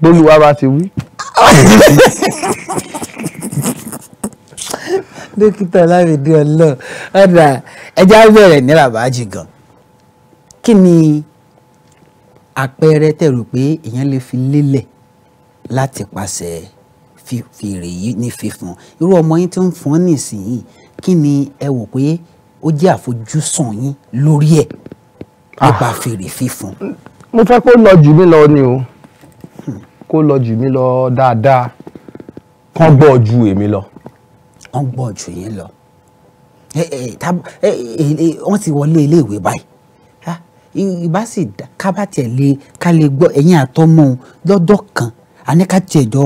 bólúwa bá ti wí. dókítà Ọlámídé Ọlọ́run ọ̀dà ẹja bẹ̀rẹ̀ ní Rabaji gan kí ni àpẹẹrẹ tẹ́ rò pé èèyàn lè fi lélẹ̀ láti pàṣẹ fèrè yìí ní fífún irú ọmọ yín tó ń fún ọ nísìnyí kí ni ẹ wò pé ó jẹ́ àfojúsùn yín lórí ẹ̀ nípa ah. fèrè fífún. mo fẹ́ kó lọ jù mí lọ ni o kó lọ jù mí lọ dáadáa kán gbọ́ ju èmi lọ. kán gbọ́ ju yín lọ wọ́n ti wọlé iléèwé báyìí ah, ìbá sì ká bá tiẹ̀ lé ká lè gbọ́ ẹ̀yìn àtọ́mọ́ lọ́dọ̀ kan àní ká tiẹ̀ jọ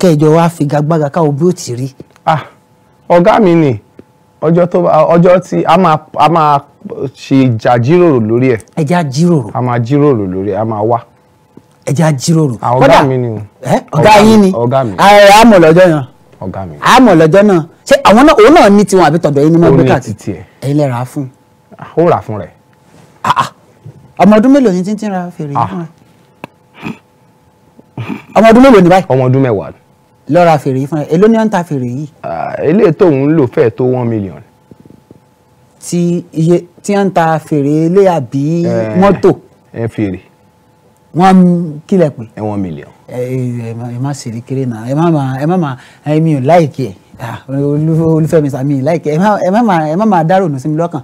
kẹjọ wá figagbága káwọ bí ó ti rí. Ah, ọ̀gá mi ni ọjọ́ tó ọjọ́ tí a máa a máa ṣe ìjà jíròrò lórí ẹ̀. ẹja jíròrò. a máa jíròrò lórí ẹ̀ a máa wá. ẹja jíròrò. ọ̀gá mi ni o. ọ̀gá yín ni ọ̀gá mi. a mọ̀ lọ́jọ́ yẹn. ọ̀gá mi. a mọ̀ lọ́jọ́ náà ṣé àwọn náà òun náà ní tiwọn àbí tọ̀dọ̀ yín ni wọ́n gbé káàkiri. ó ní titi ẹ̀. ẹ̀yin lè rà á fún. Ah, ó rà fún rẹ̀. Ah, ah. ọmọ ọdún mélòó ni títí ra fèrè yìí fún ni báyìí. ọmọ ọdún lọ́ra fèrè yìí fún ẹ èló ni ó fèrè yìí. eléyìí tóun lò fẹ́ẹ̀ tó one million. ti iye tí wọ́n ń ta fèrè ilé àbí mọ́tò. ẹ fèrè. wọ́n kílẹ̀ pé. ẹ one million. ẹ má ṣeré kéré náà ẹ má má ẹ má má ẹ mi ò láìkí ẹ olúfẹ́mi sàmì láìkí ẹ má má ẹ má má dárò nù sí mi lọ́kàn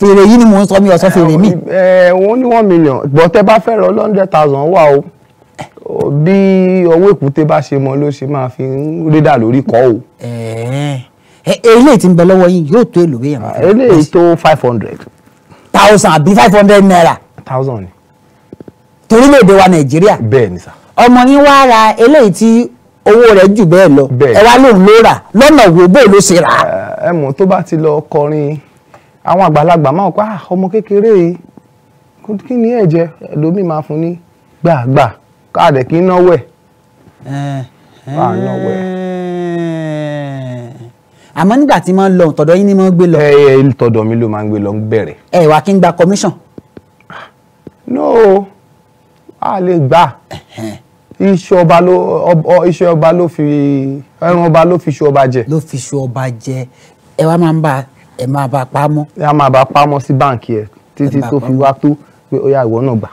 fèrè yìí ni mò ń sọ mi ọ̀sán fèrè mi. ẹ wọ́n ní one million gbọ́tẹ́ bá fẹ́ rọ lọ́ndẹ̀ tàzán wà o bí ọwọ́ èkúté bá ṣe mọ ló ṣe máa fi ń rédà lórí kọ́ o. eléyìí tí ń bẹ lọ́wọ́ yín yóò tó èlò wéyàn. eléyìí tó five hundred. thousand àbí five hundred naira. thousand ni. torílẹ̀-èdè wa nàìjíríà. bẹ́ẹ̀ ni sà. ọmọ yín wá ra eléyìí tí owó rẹ̀ jù bẹ́ẹ̀ lọ ẹ wá lóun ló rà lọ́nà wo bó ló ṣe rà. ẹ mọ̀ tó bá ti lọ kọrin àwọn àgbàlagbà máa kọ́ ah, ọmọ kékeré yìí kí ni ẹ jẹ ẹlòmíì máa fún ní gbàgbà káàdẹ̀ kí náwó ẹ̀ káà náwó ẹ̀. àmọ́ nígbà tí máa ń lọ tọ̀dọ̀ yín ni máa ń gbé lọ. ẹ ẹ tọ̀dọ̀ mi ló máa ń gbé lọ bẹ̀rẹ̀. ẹ wà kí n gba commission. no a lè gbà iṣẹ́ ọba ló iṣẹ́ ọba ló fi ẹran ọba ló fi ṣu ọba jẹ. ló fi ṣu ọba jẹ ẹ wá máa ń bá ẹ máa bá a pamọ́. ẹ máa bá a sí báǹkì ẹ títí tó fi wá tó pé ó yá ìwọ náà gbà.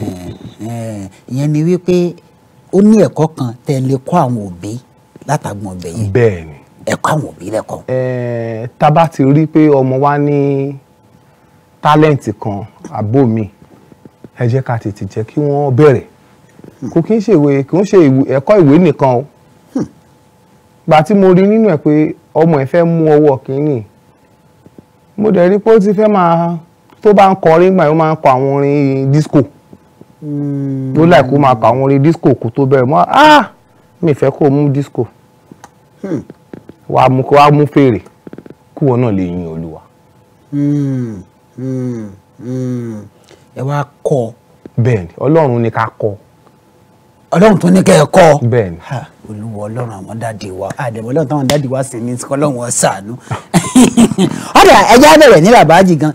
Eh, eh, ìyẹn ni wípé ó ní ẹ̀kọ́ kan tẹ́ ẹ lè kọ́ àwọn òbí látàgbọ̀n ọbẹ̀ yẹn bẹ́ẹ̀ ni ẹ̀kọ́ àwọn òbí lẹ́kọ̀ọ́. Eh, tá bá ti rí i pé ọmọ wa ní tálẹ́ǹtì kan àbó mi ẹ jẹ́ ká tètè jẹ́ kí wọ́n bẹ̀rẹ̀ hmm. kò kí ń ṣe ìwé kò ń ṣe ẹ̀kọ́ ìwé nìkan o hmm. gbà tí mo rí nínú ẹ̀ pé ọmọ ẹ̀ fẹ́ mú ọwọ́ kínní mo dẹ̀ rí pé ó ti fẹ́ máa tó bá ń kọrin gbà yóò máa ń kọ àwọn orin disco ló hmm. láì kó máa kà àwọn orin disco kó tó bẹ̀rẹ̀ mọ́ ah mi fẹ́ kó mú disco hmm. wàá mú kó wàá mú fèrè kí wọn náà lè yin olúwa. Hmm. ẹ wá kọ. bẹ́ẹ̀ni ọlọ́run ni ká kọ. ọlọ́run tó ní kẹ́ ẹ kọ. bẹ́ẹ̀ni. olúwa ọlọ́run àwọn dáàdi wa àdẹ̀wọ̀ ọlọ́run táwọn dáàdi wa sì ní kọ́lọ́run ọ̀sánú. <laughs> ọ̀dà ẹja bẹ̀rẹ̀ ní bàbá àjì gan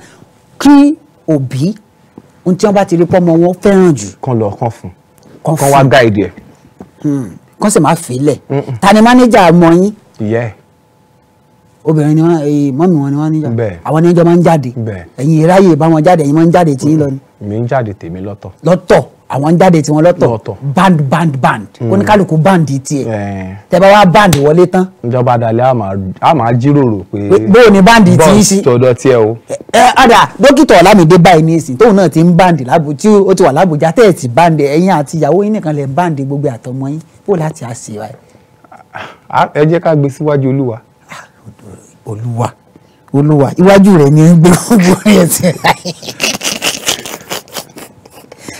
kí òbí ohun tí wọ́n bá ti rí pọ́mọ wọn fẹ́ràn jù. kan lọ kan fún kan fún wá gáìdì ẹ. Hmm. kan sì máa fi lẹ̀ ta ni mánéjà mọ yín. ìyẹ́ obìnrin ni wọn eh, mọ́mì wọn ni wọ́n níjà àwọn ni wọ́n jọ máa ń jáde ẹ̀yin ìráyè bá wọn jáde ẹ̀yin máa ń jáde tí yín lọ ni. mi ń jáde tèmi lọ́tọ̀. lọ́tọ̀ àwọn ń jáde tiwọn lọ́tọ̀ band band band hmm. oníkálukú band tiẹ̀ eh. tẹ́ bá wá band wọlé tán. ìjọba àdàlẹ́ a máa jíròrò pé bóò ni band ti ń ṣe tọ̀dọ̀ tiẹ̀ o. ẹ eh, ọ̀dà eh, dókítà ọ̀làmídé báyìí ní ìsìn tóun náà ti ń band lábù tí ó ti wà lábùjá tẹ́ ẹ̀ ti band ẹ̀yin àti ìyàwó yín nìkan lẹ̀ band gbogbo àtọmọ yín bó láti àṣì wa. ẹ jẹ́ ká gbé síwájú olúwa. Ah, olúwa olúwa iwájú rẹ̀ ni gbogbo ẹ̀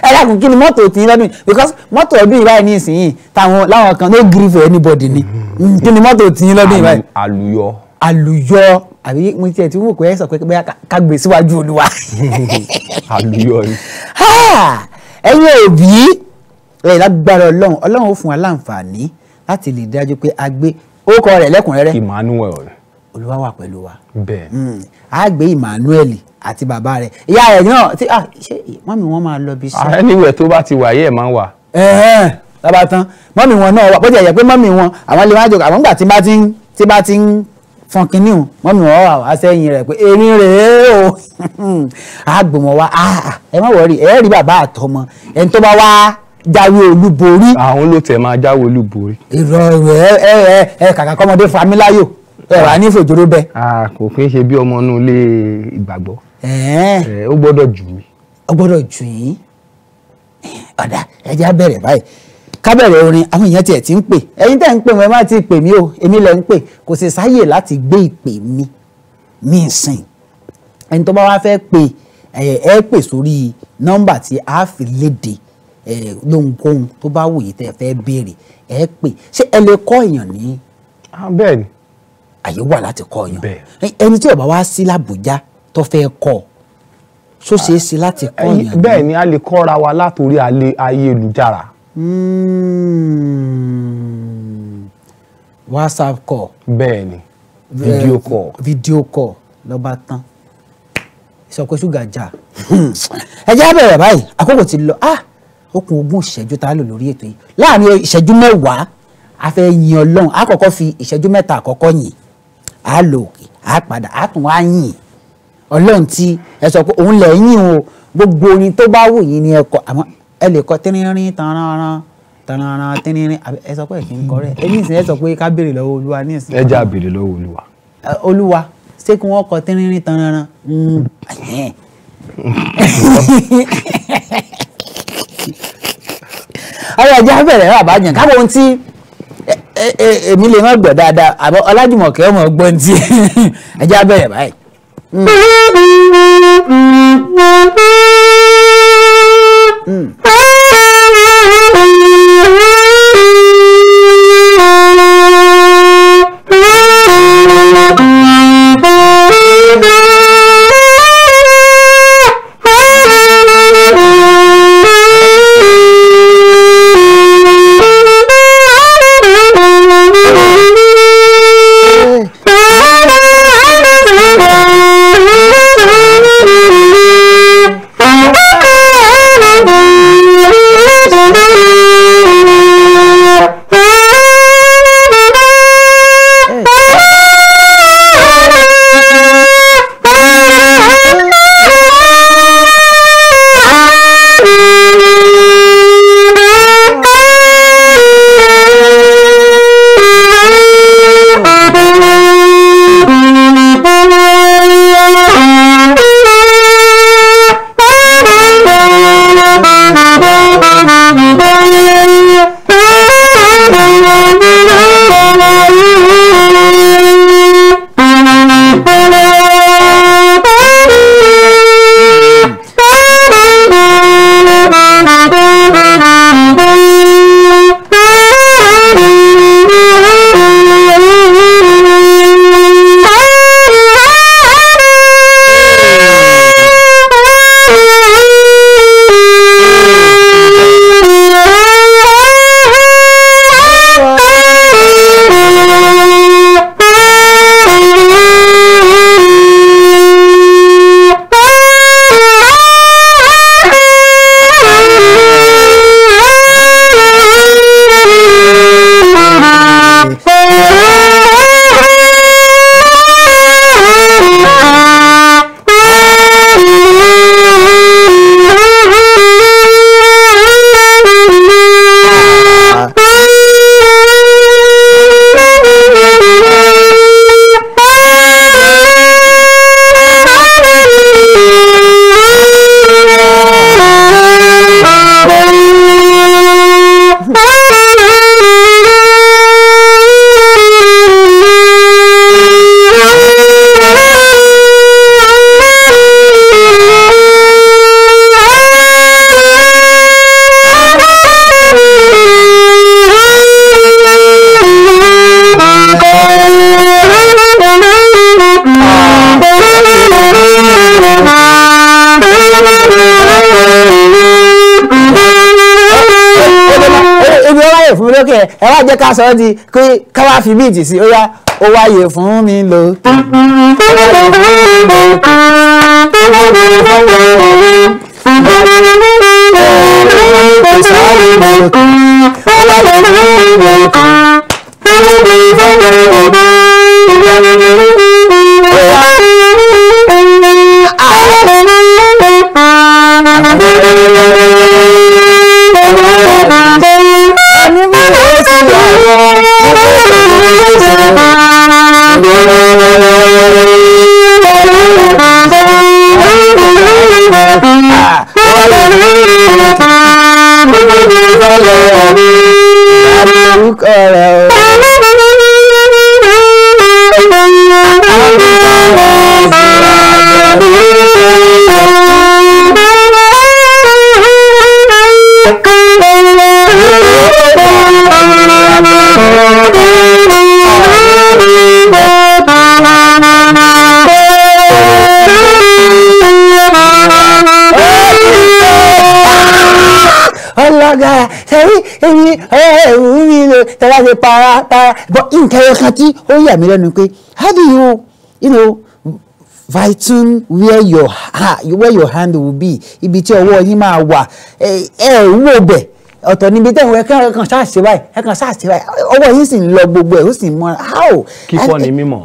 ẹ dákun kí ni mọ́tò tí lọ́dún yìí because mọ́tò ọdún yìí báyìí ní ìsinyìí táwọn láwọn kan no grieve anybody ni mm, kí ni mọ́tò tí lọ́dún yìí báyìí. àlùyọ. àlùyọ àbí mo tiẹ̀ ti wò pé ẹ sọ pé bẹ́ẹ̀ ká gbé síwájú olúwa. <laughs> àlùyọ ni. ẹ̀yin òbí ẹ lágbára ọlọ́run ọlọ́run ó fún wa láǹfààní láti lè dájú pé a gbé orúkọ rẹ̀ lẹ́kùnrẹ́rẹ́. Emmanuel olúwa wà pẹ̀lú wa. bẹ́ẹ̀. Hmm. a gbé emmanuel àti bàbá rẹ̀ ìyá rẹ̀ náà ti ah ṣé mọ́mí wọn máa lọ bí sọ. ààrẹ níwẹ̀ tó bá ti wà yẹ́ ẹ̀ máa wà. ẹ̀ẹ́ lábá tán mọ́mí wọn náà wà bó ti ẹ̀yẹ pé mọ́mí wọn àwọn lè má jọ àwọn gbà tí bá ti ń tí bá ti ń fọn kínní o mọ́mí wọn wà wá sẹ́yìn rẹ̀ pé erin rèé o <laughs> a gbìmọ̀ wa ah, ẹ má wọrí ẹ rí bàbá àtọmọ ẹni tó bá wá jáwé olúborí. àwọn ló tẹ̀ máa jáwé olúborí. ìrọ̀ ẹ ẹ ẹ kàkà kọ́mọdé familáyò ẹ wà ní fòjòrò bẹ. kò kí n ṣe bí ọmọ inú ilé ìgbàgbọ́ ó gbọ́dọ̀ jù mí. ó gbọ́dọ̀ jù yín ọ̀dà ẹja bẹ̀rẹ̀ báyìí kábẹ̀rẹ̀ orin àwọn èèyàn tiẹ̀ ti ń pè ẹ̀yin tẹ̀ ń pè wọ́n ẹ má ti pè mí o èmi lẹ̀ ń pè kò sì sáyè láti gbé ìpè mi ní ìsìn ẹni tó bá wá fẹ́ pè ẹ pè sórí nọ́mbà tí a fi léde lóhunkóhun tó bá wù yìí tẹ́ fẹ́ béèrè ẹ pè ṣé ẹ lè kọ́ èèyàn ní. Ah, bẹ́ẹ̀ àyè wà láti kọ́ yan ẹni tí ó bá wá sí làbújá tó fẹ́ kọ́ so ṣe é ṣe láti kọ́ yan. bẹ́ẹ̀ ni a lè kọ́ra wa látòrí ayélujára. Hmm. whatsapp call. bẹ́ẹ̀ ni video call. Eh, video call ló bá tán ìsọkò ṣúgà jà hmm. ẹ jẹ́ báyìí àkókò ti lọ ah okùn ogún ìṣẹ́jú tá a lò lórí ètò yìí láàrin ìṣẹ́jú mẹ́wàá a fẹ́ yin ọlọ́run a fi ìṣẹ́jú mẹ́ta àkọ́kọ́ yìn á lò òkè á padà á tún wá yìn ọlọ́run tí ẹ sọ pé òun lẹ̀ yìn o gbogbo orin tó bá wù yín ni ẹ kọ àmọ́ ẹ lè kọ tínrín tanran tanran tínrín ẹ sọ pé kì í kọ rẹ ẹ ní ìsìn ẹ sọ pé ká béèrè lọ́wọ́ olúwa ní ìsìn. ẹ jẹ́ béèrè lọ́wọ́ olúwa. olúwa ṣé kí wọ́n kọ tínrín tanran hmm. <laughs> <laughs> ọ̀rọ̀ ẹ̀jẹ̀ á bẹ̀rẹ̀ rà bá yàn káwọn ohun tí èmi lè má gbọ́ dáadáa àbọ̀ ọlájùmọ̀kẹ́ ọmọ ọgbọ́n ti <laughs> ẹjẹ́ abẹ́rẹ́ báyìí. Mm. ká sọ ọ́ di pé ká wá fi bíìtì sí ó yá ó wáyé fún mi lò. ó wáyé fún mi lò. ṣe para para but nǹkan ẹyọ kan tí ó yà mí lẹ́nu pé how do you you know vitun where your where your hand will be ibi tí ọwọ́ yín máa wà ẹ ẹ wò bẹ̀ ọ̀tọ̀ níbi tẹ̀wọ̀n ẹ̀kan ẹ̀kan ṣáàṣì báyìí ẹ̀kan ṣáàṣì báyìí ọwọ́ yín sì ń lọ gbogbo ẹ̀ ó sì ń mọ́ra how. kíkọ́ ni mímọ̀.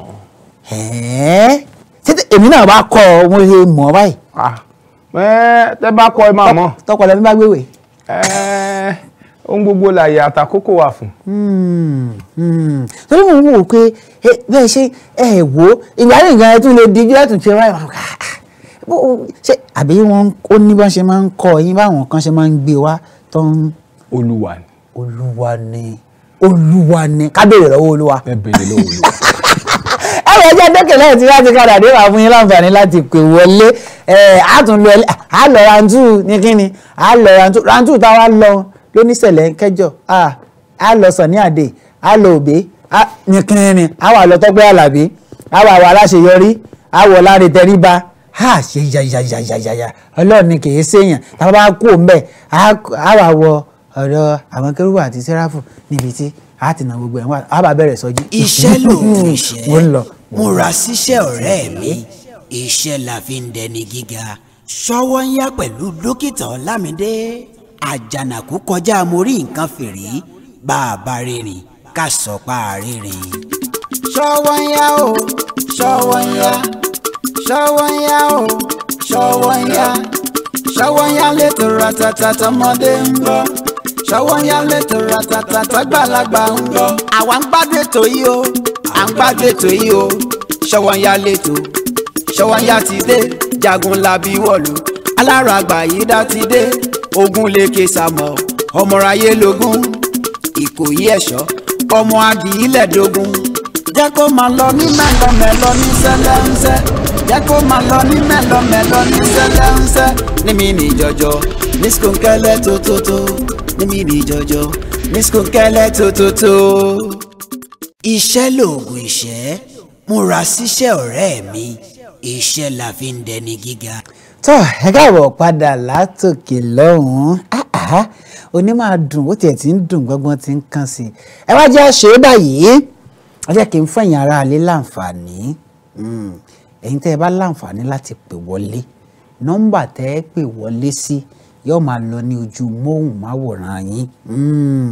ẹ̀ẹ́ títí èmi náà bá kọ́ ọ mo ṣe mọ̀ báyìí. Ah, ẹ tẹ bá kọ ẹ máa mọ̀. tọkọ lẹ́nu bá gbéwèé. ẹ̀ẹ́ ohun gbogbo làyè àtàkókò wà fún. Hmm, hmm. torí mo ń wò pé bẹ́ẹ̀ ṣe ẹ wò ó ìgbà yẹn ìgbà yẹn tún lè di bílẹ̀ tún ṣe wáyé wọn kà ah, ṣe àbí wọn ó ní bá ṣe máa ń kọ yín báwọn kan ṣe máa ń gbé wá tó ń. olúwa ni. olúwa ni olúwa ni ká béèrè lọ́wọ́ olúwa. ẹ béèrè lọ́wọ́ olúwa. <laughs> ẹ wọ ẹjẹ dẹkẹlẹ láti padà dé wà fún yín láǹfààní láti pè wọlé ẹ àtúnlọ ẹ àlọ rantú ní kíni àlọ rantú rantú táwa lọ lóníṣẹ̀lẹ̀ ń kẹjọ a lọ sàn ní àdè a lọ òbí nìkìnrin a wà lọ tọ́pẹ́ àlàbí a wà wà láṣeyọrí a wọ̀ láre tẹríba a ṣe yàyàyàyàyà ọlọ́ọ̀ni kìí ṣèyàn táwọn bá kú òun bẹ́ẹ̀ a wà wọ ọ̀dọ̀ àwọn kérúwà àti sẹ́ráfù níbi tí a ti na gbogbo ẹ̀wọ̀n a bá bẹ̀rẹ̀ sọ́jú. iṣẹ́ ló ń ṣe múra síṣẹ́ ọ̀rẹ́ mi iṣẹ́ la fi ń dẹni gíga ṣọwọ́ ń yá pẹ̀lú dókítà Ọlámídé àjànàkú kọjá mo rí nǹkan fìrí bá a bá rìnrìn ká sọ pa àrìnrìn. ṣọwọ́ ń yá o ṣọwọ́ ń yá ṣọwọ́ ń yá o ṣọwọ́ ń yá ṣọwọ́ ń yá létò ratata tọmọdé ń bọ̀ ṣọwọ́ ń yá létò ratata tọgbàlagbà ń bọ̀. àwa ń gbádùn ètò yìí o à ń gbádùn ètò yìí o ṣọwọ́ ń yá ti dé jagun labi wọ̀lú alára àgbà yìí dá ti dé ogun leke sàmọ̀ ọmọráyé lógún ìkòyí ẹ̀ṣọ́ ọmọ adìyílẹ̀ dógún. jẹ́ kó máa lọ ní mẹ́lọmẹ́lọ ní sẹ́lẹ̀ńsẹ́ jẹ́ kó máa lọ ní mẹ́lọmẹ́lọ ní sẹ́lẹ̀ńsẹ́ ní mi ní jọjọ ní skunkẹ́lẹ́ tótótó ní mi jọjọ ní tótótó. iṣẹ́ lóògùn ìṣẹ́ múra síṣẹ́ ọ̀rẹ́ mi iṣẹ́ la fi ń dẹni gíga tó ẹ káàbọ̀ padà látòkè lọ́hùn-ún ah, ah, ah. onímọ̀ àdùn ó tiẹ̀ ti ń dùn gbọ́ngbọ́n ti ń kàn sí i ẹ wá jẹ́ ṣe é báyìí ẹ jẹ́ kí n fún ẹ̀yin ará ilé láǹfààní hmm. ẹ̀yin tẹ́ ẹ bá láǹfààní láti pè wọlé nọ́mbà tẹ́ ẹ pè wọlé sí yóò máa lọ ní ojú móhùnmáwòrán yín hmm.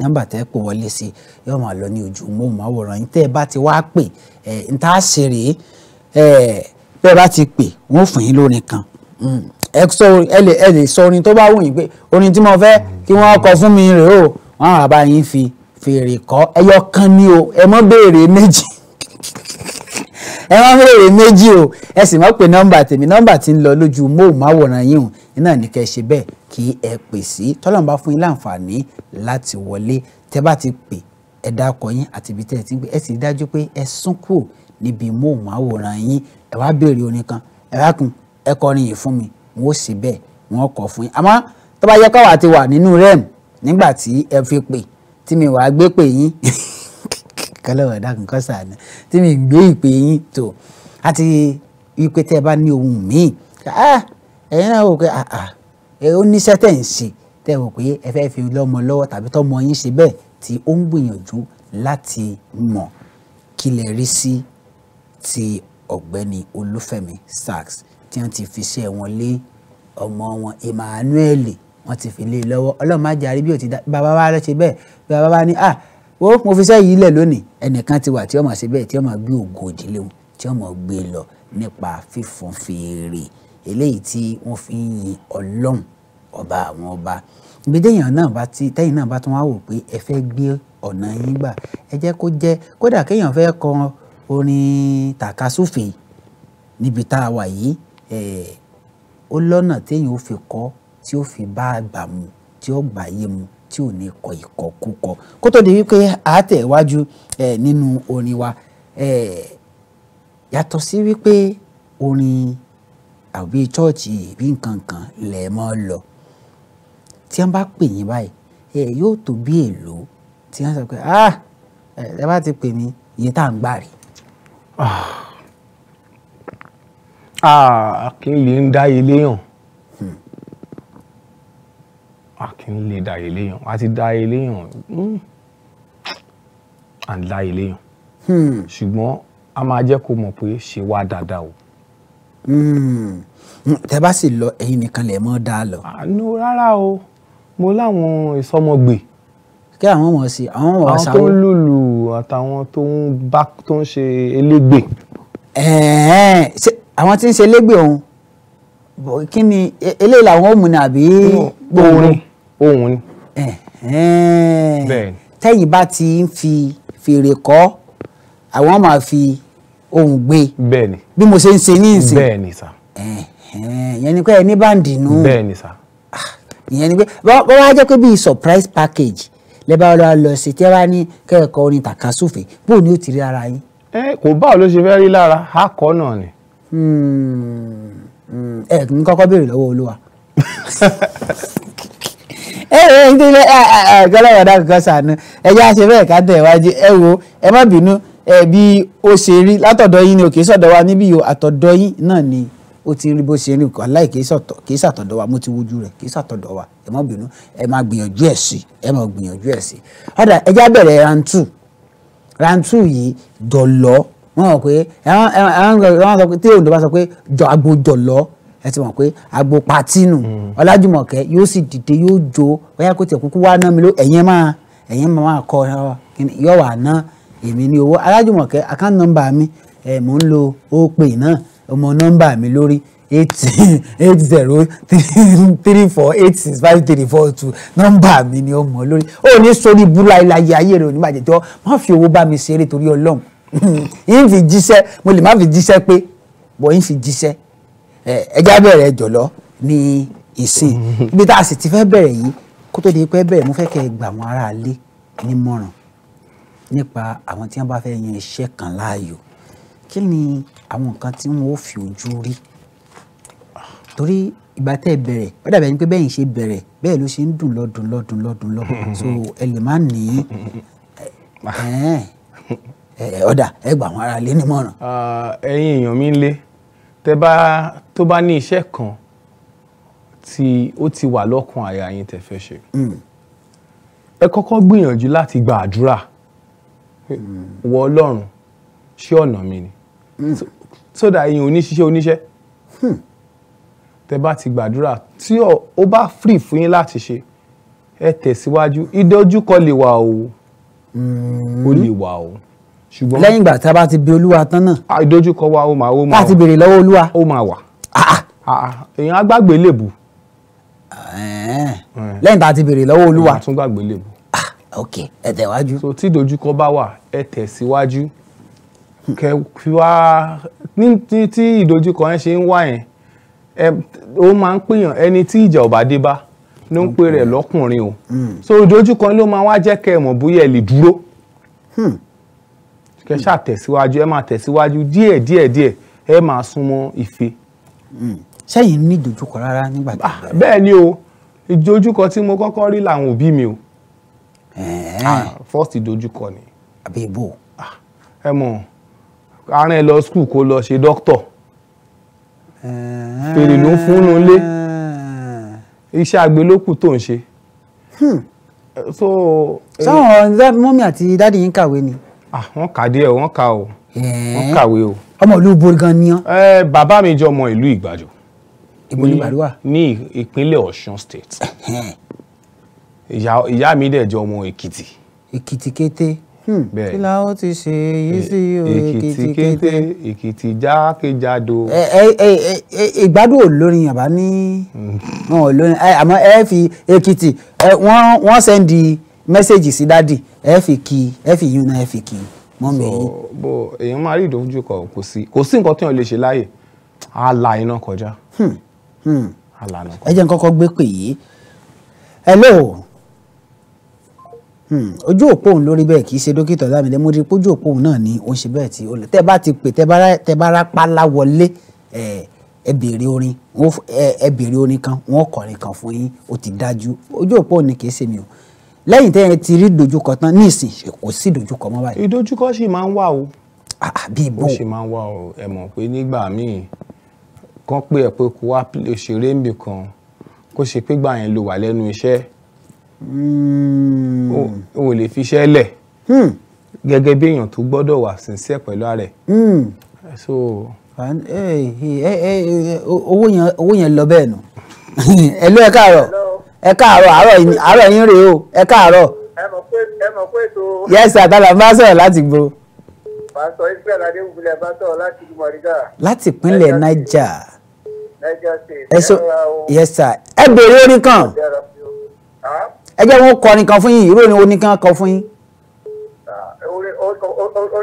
nọ́mbà tẹ́ ẹ pè wọlé sí yóò máa lọ ní ojú móhùnmáwòrán yín tẹ́ ẹ bá ti wá pè ẹ̀ ń tá a ṣe rèé ẹ̀ bẹ́ẹ̀ bá ti pè wọ́n fún yín lórin kan mm. ẹ sọ ẹ lè sọ orin tó bá wù yín pé orin tí mo fẹ́ kí wọ́n kọ fún mi rèé o wọ́n àbá yín fi fèrè kọ́ ẹyọ kan ni o ẹ mọ́ béèrè méjì <laughs> ẹ máa ń béèrè méjì o ẹ sì máa pè nọ́mbà tèmi nọ́mbà tí ń lọ lójú móhùnmáwòrán yìí hùn iná ní kẹ́ ṣe bẹ́ẹ̀ kí ẹ pè sí tọ́lọ́n bá fún yín láǹfààní láti wọlé tẹ́ bá ti pè ẹ dákọ yín àti ibi tẹ́ ẹ ti ń gbé ẹ sì dájú pé ẹ sún kù níbi móhùnmáwòrán yín ẹ wá béèrè orin kan ẹ wá kun ẹ kọrin yìí fún mi n ó sì bẹ́ẹ̀ wọ́n kọ fún yín àmọ́ tó bá yẹ káwa ti wà nínú rem nígbà tí ẹ fi pè tí mi wàá gbé pè yín <laughs> kọlọ́wọ́ dákun kọ́ sàánà tí mi gbé ìpè yín tó àti wípé tẹ́ ẹ bá ní ohun míì ẹ̀yin náà wò pé ó níṣẹ́ tẹ̀ ń ṣe tẹ́ wò pé ẹ fẹ́ fi lọ́mọ lọ́wọ́ tàbí tọ́mọ yín ṣe bẹ́ẹ̀ tí ó ń gbìyànjú láti mọ̀ kí lè rí sí ti ọ̀gbẹ́ni olúfẹ́mi sachs tí wọ́n ti fi ṣe wọn lé ọmọ wọn emmanuel wọ́n ti fi lé e lọ́wọ́ ọlọ́run má jàre bí o ti dá bàbá wa lọ ṣe bẹ́ẹ̀ bàbá wa ní ah wo mo fi sẹ́yìn ilẹ̀ lónìí ẹnìkan ti wà tí ó máa ṣe bẹ́ẹ̀ tí ó máa gbé ògo ìdílé wọn tí ó máa gbé e lọ nípa fífún fèrè eléyìí tí wọ́n fi ń yin ọlọ́run ọba àwọn ọba ibi náà bá ti téèyàn náà bá tún wá wò pé ẹ fẹ́ gbé ọ̀nà yín gbà ẹ jẹ́ kó jẹ́ kódà kéèyàn fẹ́ kọ orin tàkasúfè níbi tá a wà yìí ó lọ́nà téèyàn ó fi kọ́ tí ó fi bá àgbà mu tí ó gbà yé mu tí ò ní kọ ìkọkúkọ kó tó di wípé a tẹ̀ wájú nínú orin wa yàtọ̀ sí wípé orin àbí chọ́ọ̀chì ìbí nǹkan kan lẹ̀ mọ́ lọ tí wọ́n bá pè yín báyìí yóò tó bí èlò tí wọ́n sọ pé ah ẹ bá ti pè mí iye tá à ń gbà rèé Ah. Ah, Akínlé ń dá ilé yàn hmm. Akínlé dá ilé yàn a ti dá ilé yàn à hmm. ń dá ilé yàn hmm. ṣùgbọ́n a máa jẹ́ kó mọ̀ pé ṣe wá dáadáa o. tẹ bá sì lọ ẹ̀yin nìkan lè mọ dá lọ. àánú ah, rárá o mo láwọn ìsọmọgbè. E kí àwọn mọ̀ sí àwọn mọ̀ sáwó. àwọn tó ń lùlù àtàwọn tó ń bá tó ń ṣe elégbè. àwọn tí ń ṣe elégbè òun kí ni e-, eléyìí làwọn ò mú ni àbí. orin ohun ni. tẹ́yìn bá ti ń fi fèrè kọ́ àwọn máa fi ohùn gbé. bẹ́ẹ̀ ni. bí mo ṣe ń ṣe ní ìsìn. bẹ́ẹ̀ ni sà. ìyẹn ni pé ẹ ní báǹdì nù. bẹ́ẹ̀ ni sà. Ah, ìyẹn ni pé bọ́wá jẹ́ pé bíi surprise package lẹ́bà ọlọ́wà lọ sí tí ẹ bá ní kẹ́ẹ̀kọ́ orin tàkasúfè bó ni ó ti rí ara yín. ẹ kò báwo ló ṣe fẹ́ rí lára akọ náà ni. Hmm, hmm, ẹ kì í kọ́kọ́ béèrè lọ́wọ́ olúwa. <laughs> ẹ ẹ ń tẹ́lẹ̀ àgọ́lọ́wọ́ dá kankan sànú ẹ yá ṣe ká tẹ̀ wájú ẹ wo ẹ má bínú ẹ bí ó ṣe rí látọ̀dọ̀ yín ni òkè sọ̀dọ̀ wa níbí àtọ̀dọ̀ yín náà ni ó ti ń rí bó ṣe rí nǹkan aláì kìí ṣàtọ̀dọ̀ wa mo ti wojú rẹ̀ kìí ṣàtọ̀dọ̀ wa ẹ má bínú ẹ má gbìyànjú ẹ̀ sí ẹ má gbìyànjú ẹ̀ sí. ọ̀dà ẹja bẹ̀rẹ̀ round two round two yìí jọ̀lọ́ wọ́n mọ̀ pé ẹ̀wọ̀n sọ pé tí òǹdó bá sọ pé àgbo jọ̀lọ́ ẹ ti mọ̀ pé àgbo patínù hmm. ọlájúmọ̀kẹ́ yóò sì dìde yóò jó ọyá kò tẹ̀ kúkú wá ná mi ló ẹ̀yẹn máa ẹ̀yẹn máa kọ yọ̀ wà ná èmi ní owó alájùmọ̀kẹ́ account number mi ẹ̀ mò ń lo ó pè náà ọmọ nọ́mbà mi lórí eight <laughs> eight zero three four eight six five three four two nọ́mbà mi ni ọmọ lórí ó ní sórí búlá ilé ayé ayé rẹ oníbàjẹ́ tí wọ́n má fi owó bá mi ṣeré torí ọlọ́run yín fi jíṣẹ́ mo lè má fi jíṣẹ́ pé bọ̀ yín fi jíṣẹ́ ẹja bẹ̀rẹ̀ jọ̀lọ́ ní ìsìn ibi tá a sì ti fẹ́ bẹ̀rẹ̀ yìí kó tó di pé bẹ̀rẹ̀ mo fẹ́ kẹ́ ẹ gbà àwọn aráalé nímọ̀ràn nípa àwọn tí wọ́n bá fẹ́ yan iṣẹ́ kan láàyò kí ni àwọn nǹkan tí wọn ò fi ojú rí torí ìgbà tẹ́ ẹ bẹ̀rẹ̀ ó dàbẹ̀ ni pé bẹ́ẹ̀ ń ṣe bẹ̀rẹ̀ bẹ́ẹ̀ ló ṣe ń dùn lọ dùn lọ lọ so ẹ lè má ní ọ̀dà ẹ gbà wọn ara lé nímọ̀ràn. ẹ̀yin èèyàn mi ń lé tẹ́ bá tó bá ní iṣẹ́ kan tí ó ti wà lọ́kàn àyà yín tẹ́ fẹ́ ṣe hmm. ẹ kọ́kọ́ gbìyànjú láti gba àdúrà hmm. wọ Ọlọ́run ṣé ọ̀nà mi ni hmm sódà ẹ̀yin oníṣiṣẹ́ oníṣẹ́ hmm. tẹ bá ti gbàdúrà tí ó bá free fún yín láti ṣe ẹ tẹ̀síwájú ìdojúkọ lè wà o hmm. ó lè wà o ṣùgbọ́n lẹ́yìn ìgbà tá a bá ti bi olúwa tán náà ah, ìdojúkọ wa ó máa ó máa wà láti béèrè lọ́wọ́ olúwa ó máa wà èèyàn ah, ah. á gbàgbé lèbù lẹ́yìn tá a ti béèrè lọ́wọ́ olúwa ó máa tún gbàgbé lèbù ok ẹ tẹ̀wájú. so tí ìdojúkọ bá wà ẹ tẹ̀síwájú kẹ fi wá ní tí ìdojúkọ yẹn ṣe ń wá yẹn ẹ ó máa ń pèèyàn ẹni tí ìjà ọba dé bá ló ń pè rẹ̀ hmm. lọ́kùnrin o hmm. so ìdojúkọ ló máa wá jẹ́ kẹ́ ẹ mọ̀ bóyá ẹ lè dúró hmm. kẹ́ ṣáà tẹ̀síwájú ẹ máa tẹ̀síwájú díẹ̀ díẹ̀ díẹ̀ ẹ máa súnmọ́ ìfe. sẹ́yìn ní ìdojúkọ rárá nígbà tó ah, bẹ́ẹ̀ ni o ìdojúkọ tí mo kọ́kọ́ rí làwọn òbí mi o ah, first ìdojúkọ ni. àbí ibo. Ah, ẹ mọ̀ arán ẹ lọ skul kó lọ ṣe dókítọ̀ fèrè ló ń fúnnu lé hmm. iṣẹ́ àgbélókù tó ń ṣe. Hmm. so. sáwọn eh, mọ́mí àti dáàdi yín kàwé ni. Ah, wọ́n kà díẹ̀ wọ́n kà o wọ́n kàwé o. ọmọ ìlú borí gan ni wọn. Eh, bàbá mi jẹ́ ọmọ ìlú ìgbàjọ. ìbò ní bàdúrà. ní ìpínlẹ̀ ọ̀ṣun state. ìyá mi dẹ̀ jẹ́ ọmọ èkìtì. èkìtì kété. Hmm, kí la ó ti ṣe èyí sí eh, o èkìtì kété èkìtì jákèjádò. ìgbádùn olórin yàrá ní olórin hmm. àmọ́ ẹ fi èkìtì wọ́n sẹ́ndì mẹ́sẹ̀gì sí dádì ẹ fi kí ẹ fi yún náà ẹ fi kí mọ́ mi. bó èèyàn máa rí ìdójúkọ kò sí kò sí nǹkan tí wọn lè ṣe láàyè á la iná kọjá. Hmm, ẹ jẹ́ n kọ́kọ́ gbé pè yìí hello. Hmm, ojú òpó òun lórí bẹ́ẹ̀ kì í ṣe dókítà Ọlámídé mo rí i pé ojú òpó òun náà ni ó ń ṣe bẹ́ẹ̀ tí ó lọ tẹ́ bá ti pè tẹ́ bá rá pálá wọlé ẹ béèrè orin ẹ béèrè orin kan wọn kọrin kan fún yín ó ti dájú ojú òpó òun ni kì í ṣe mi o lẹ́yìn tẹ́yẹ ti rí dojúkọ tán ní ìsìn kò sí dojúkọ mọ́ báyìí. ìdojúkọ sì máa ń wà o. àbí ibo. ó sì máa ń wà o ẹ mọ̀ pé nígbà míì kán pé ẹ pé kó wá òṣèré ń bì kan kó ṣe pé gbà yẹn ló wà lẹ́nu iṣẹ́ Hmm. o ò lè fi iṣẹ́ lẹ̀ hmm. gẹ́gẹ́ bí èèyàn tó gbọ́dọ̀ wà sínsẹ́ pẹ̀lú ààrẹ. Hmm. owó yẹn lọ bẹ́ẹ̀ nù ẹ <laughs> ló ẹ káàárọ̀ ẹ káàárọ̀ àárọ̀ yín rèé o ẹ káàárọ̀. ẹ mọ̀ pé ẹ mọ̀ pé ètò. yẹ́sì àtàlà máa sọ̀rọ̀ láti gbòòrò. bá a sọ israel adéhùnbílẹ̀ bá sọ̀rọ̀ láti mọ̀rígà. láti ìpínlẹ̀ niger. niger state. ẹ sọ yẹ́sà ẹ béèrè orin kan ẹ jẹ́ wọn kọrin kan fún yín ìró ni oníkan kan fún yín. orin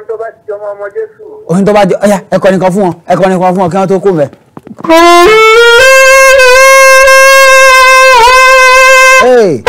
tó bá jọ ọmọ Jésù. orin tó bá jọ ọyà ẹ kọrin kan fún wọn ẹ kọrin kan fún wọn kí wọ́n tó kó mẹ́. Hey.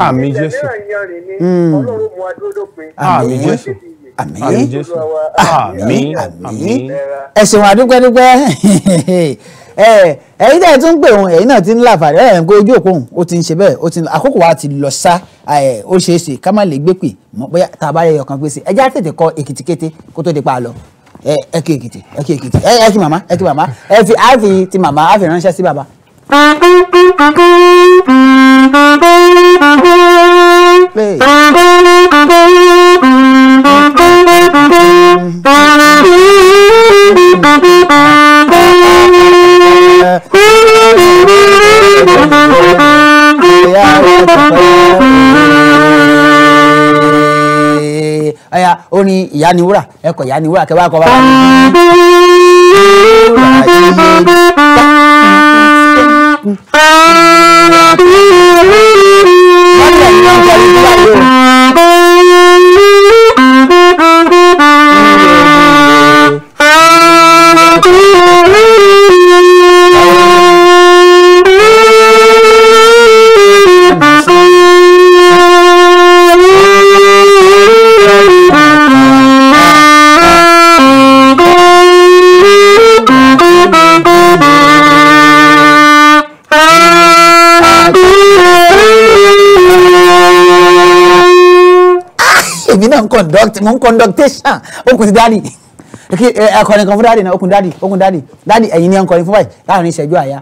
àmì ah, jésù àmì hmm. ah, jésù àmì ah, jésù àmì àmì ẹ ṣeun àdúgbẹ́dúgbẹ́ <laughs> eh, ẹ̀yin náà tún ń pè wọn ẹ̀yin náà ti ń láǹfààní ẹ̀ ń kó ojú òpó òun ó ti ń ṣe bẹ́ẹ̀ ó ti ń àkókò wa ti lọ sá eh, ó ṣeé ṣe ká má lè gbé pè mọ́ bóyá tá a bá yẹ ọkàn gbèsè ẹ já tètè kọ èkìtì kété kó tó di pa lọ eh, ẹ kí èkìtì ẹ kí èkìtì ẹ kí màmá ẹ kí màmá ẹ fi àfi ti màmá àfi ránṣẹ́ sí bàbá ẹ̀yà ó ní ìyá ni kẹwàá kọ́ bá wà 嗯。conduct mo ń conductation ah, ó kun ti dáàdì kí akọrin kan fún dáàdì náà ó kun dáàdì ó kun dáàdì dáàdì ẹ̀yin ni ẹ̀ fún báyìí láàrin ìṣẹ́jú àyà.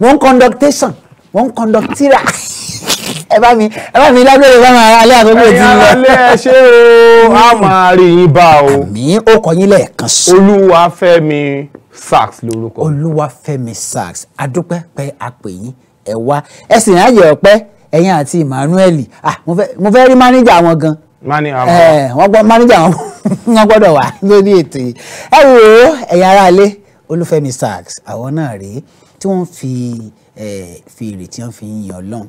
wọn conductation wọn conductira ẹ mi ẹ mi lábẹ́rẹ́ bá máa alẹ́ àtọ́jú òtí mi. ẹ̀yin alẹ́ ṣé o a hmm. máa rí yín bá o. àmì ó kọ yín lẹ́ẹ̀kan sí. olúwafẹ́mi sax lórúkọ. olúwafẹ́mi sax adúpẹ́ pé a pè yín ẹ wá ẹ sì ráyè ọpẹ́ àti emmanuel ah mo fẹ́ rí mánéjà wọn gan. mánéjà wọn gbọ́dọ̀ wà lórí ètò yìí ẹ wò ó ẹ̀yin aráalé olúfẹ́mi sax àwọn náà rèé tí wọ́n fi fèrè tí wọ́n fi ń yan ọlọ́run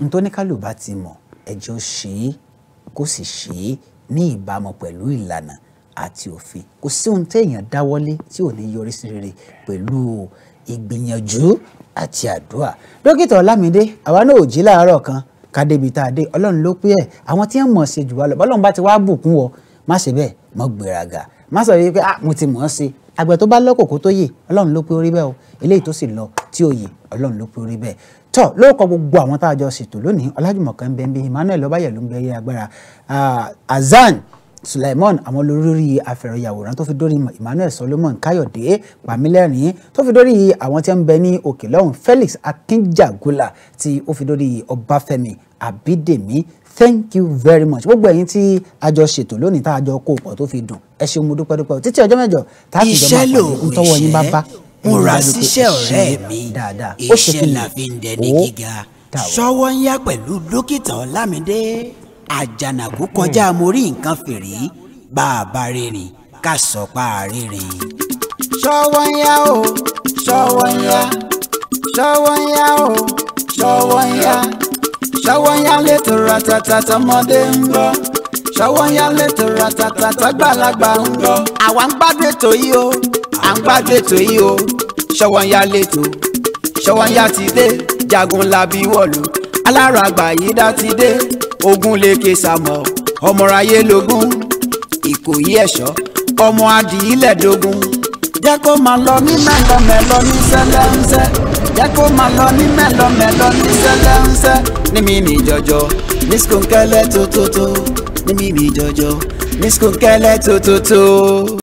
ntóníkàlù bá ti mọ̀ ẹjọ́ ṣe é kó sì ṣe é ní ìbámu pẹ̀lú ìlànà àti òfin kò sí ohun téèyàn dáwọ́lé tí ò ní yọrí sí rere pẹ̀lú ìgbìyànjú àti àdúrà dókítà ọlámídé àwa náà ò jí láàárọ̀ kan ká débi tá a dé ọlọ́run ló pé ẹ̀ àwọn tí wọ́n mọ̀ ṣe jù wá lọ bọ́lọ́run bá ti wá bùkún wọ má ṣe bẹ́ẹ̀ mọ́ gbéraga má sọ wípé ah mo ti mọ̀ ọ́n ṣe àgbẹ̀ tó bá lọ́kòkó tó yè ọlọ́run ló pé orí bẹ́ẹ̀ o eléyìí tó sì lọ tí ó yè ọlọ́run ló pé orí bẹ́ẹ̀ tọ́ lóòkọ́ gbogbo àwọn tá a jọ ṣètò lónìí ọlájùmọ̀kẹ́ ń bẹ níbí emmanuel ọbàyẹ̀ ló ń bẹ yẹ agbára azan suleiman àwọn olórí afẹ̀rọ̀yàwòrán tó fi dórí emmanuel solomon káyọ̀dé pàmílẹ́rìn tó fi dórí àwọn tí ń bẹ ní òkè lọ́hùn felix akínjàgúlà tí ó fi dórí ọbáfẹ́mi abidemi thank you very much gbogbo ẹ̀yin tí a jọ ṣètò lónìí tá a jọ kó pọ̀ tó fi dùn ẹ ṣeun mo dúpẹ́ dúpẹ́ títí ọjọ́ mẹ́jọ tá a sì jọ máa pàdé ń tọ́wọ́ yín bá bá múra síṣẹ́ ọ̀rẹ́ mi iṣẹ́ la fi ń dẹni gíga ṣọwọ́ ń yá pẹ̀lú dókítà ọlámídé àjànàkú kọjá mo rí nǹkan fìrí bá a bá rìnrìn ká sọ pa rìnrìn. ṣọwọ́ ń yá o ṣọwọ́ ń yá ṣọwọ́ ń yá o ṣọwọ́ ń yá ṣọwọ́ ń yá létò ratata tọmọdé ń bọ̀ ṣọwọ́ ń yá létò ratata tọgbàlagbà ń bọ̀ àwa ń gbádùn ètò yìí o à ń gbádùn ètò yìí o Ṣówónyá lẹ́tọ̀ Ṣówónyá ti dé Jagunlabi wọ̀lú alára àgbàyídá ti dé Ògúnléké Sàámọ̀ ọmọráyé lógún Ìkòyí ẹ̀ṣọ́ ọmọ adìyílẹ̀ dógún jẹ́ kó máa lọ ní mẹ́lọmẹ́lọ ní sẹ́lẹ̀ńsẹ́ jẹ́ kó máa lọ ní mẹ́lọmẹ́lọ ní sẹ́lẹ̀ńsẹ́ ní mímì jọjọ ní skunkẹ́lẹ́ tótótó ní mímì jọjọ ní skunkẹ́lẹ́ tótótó.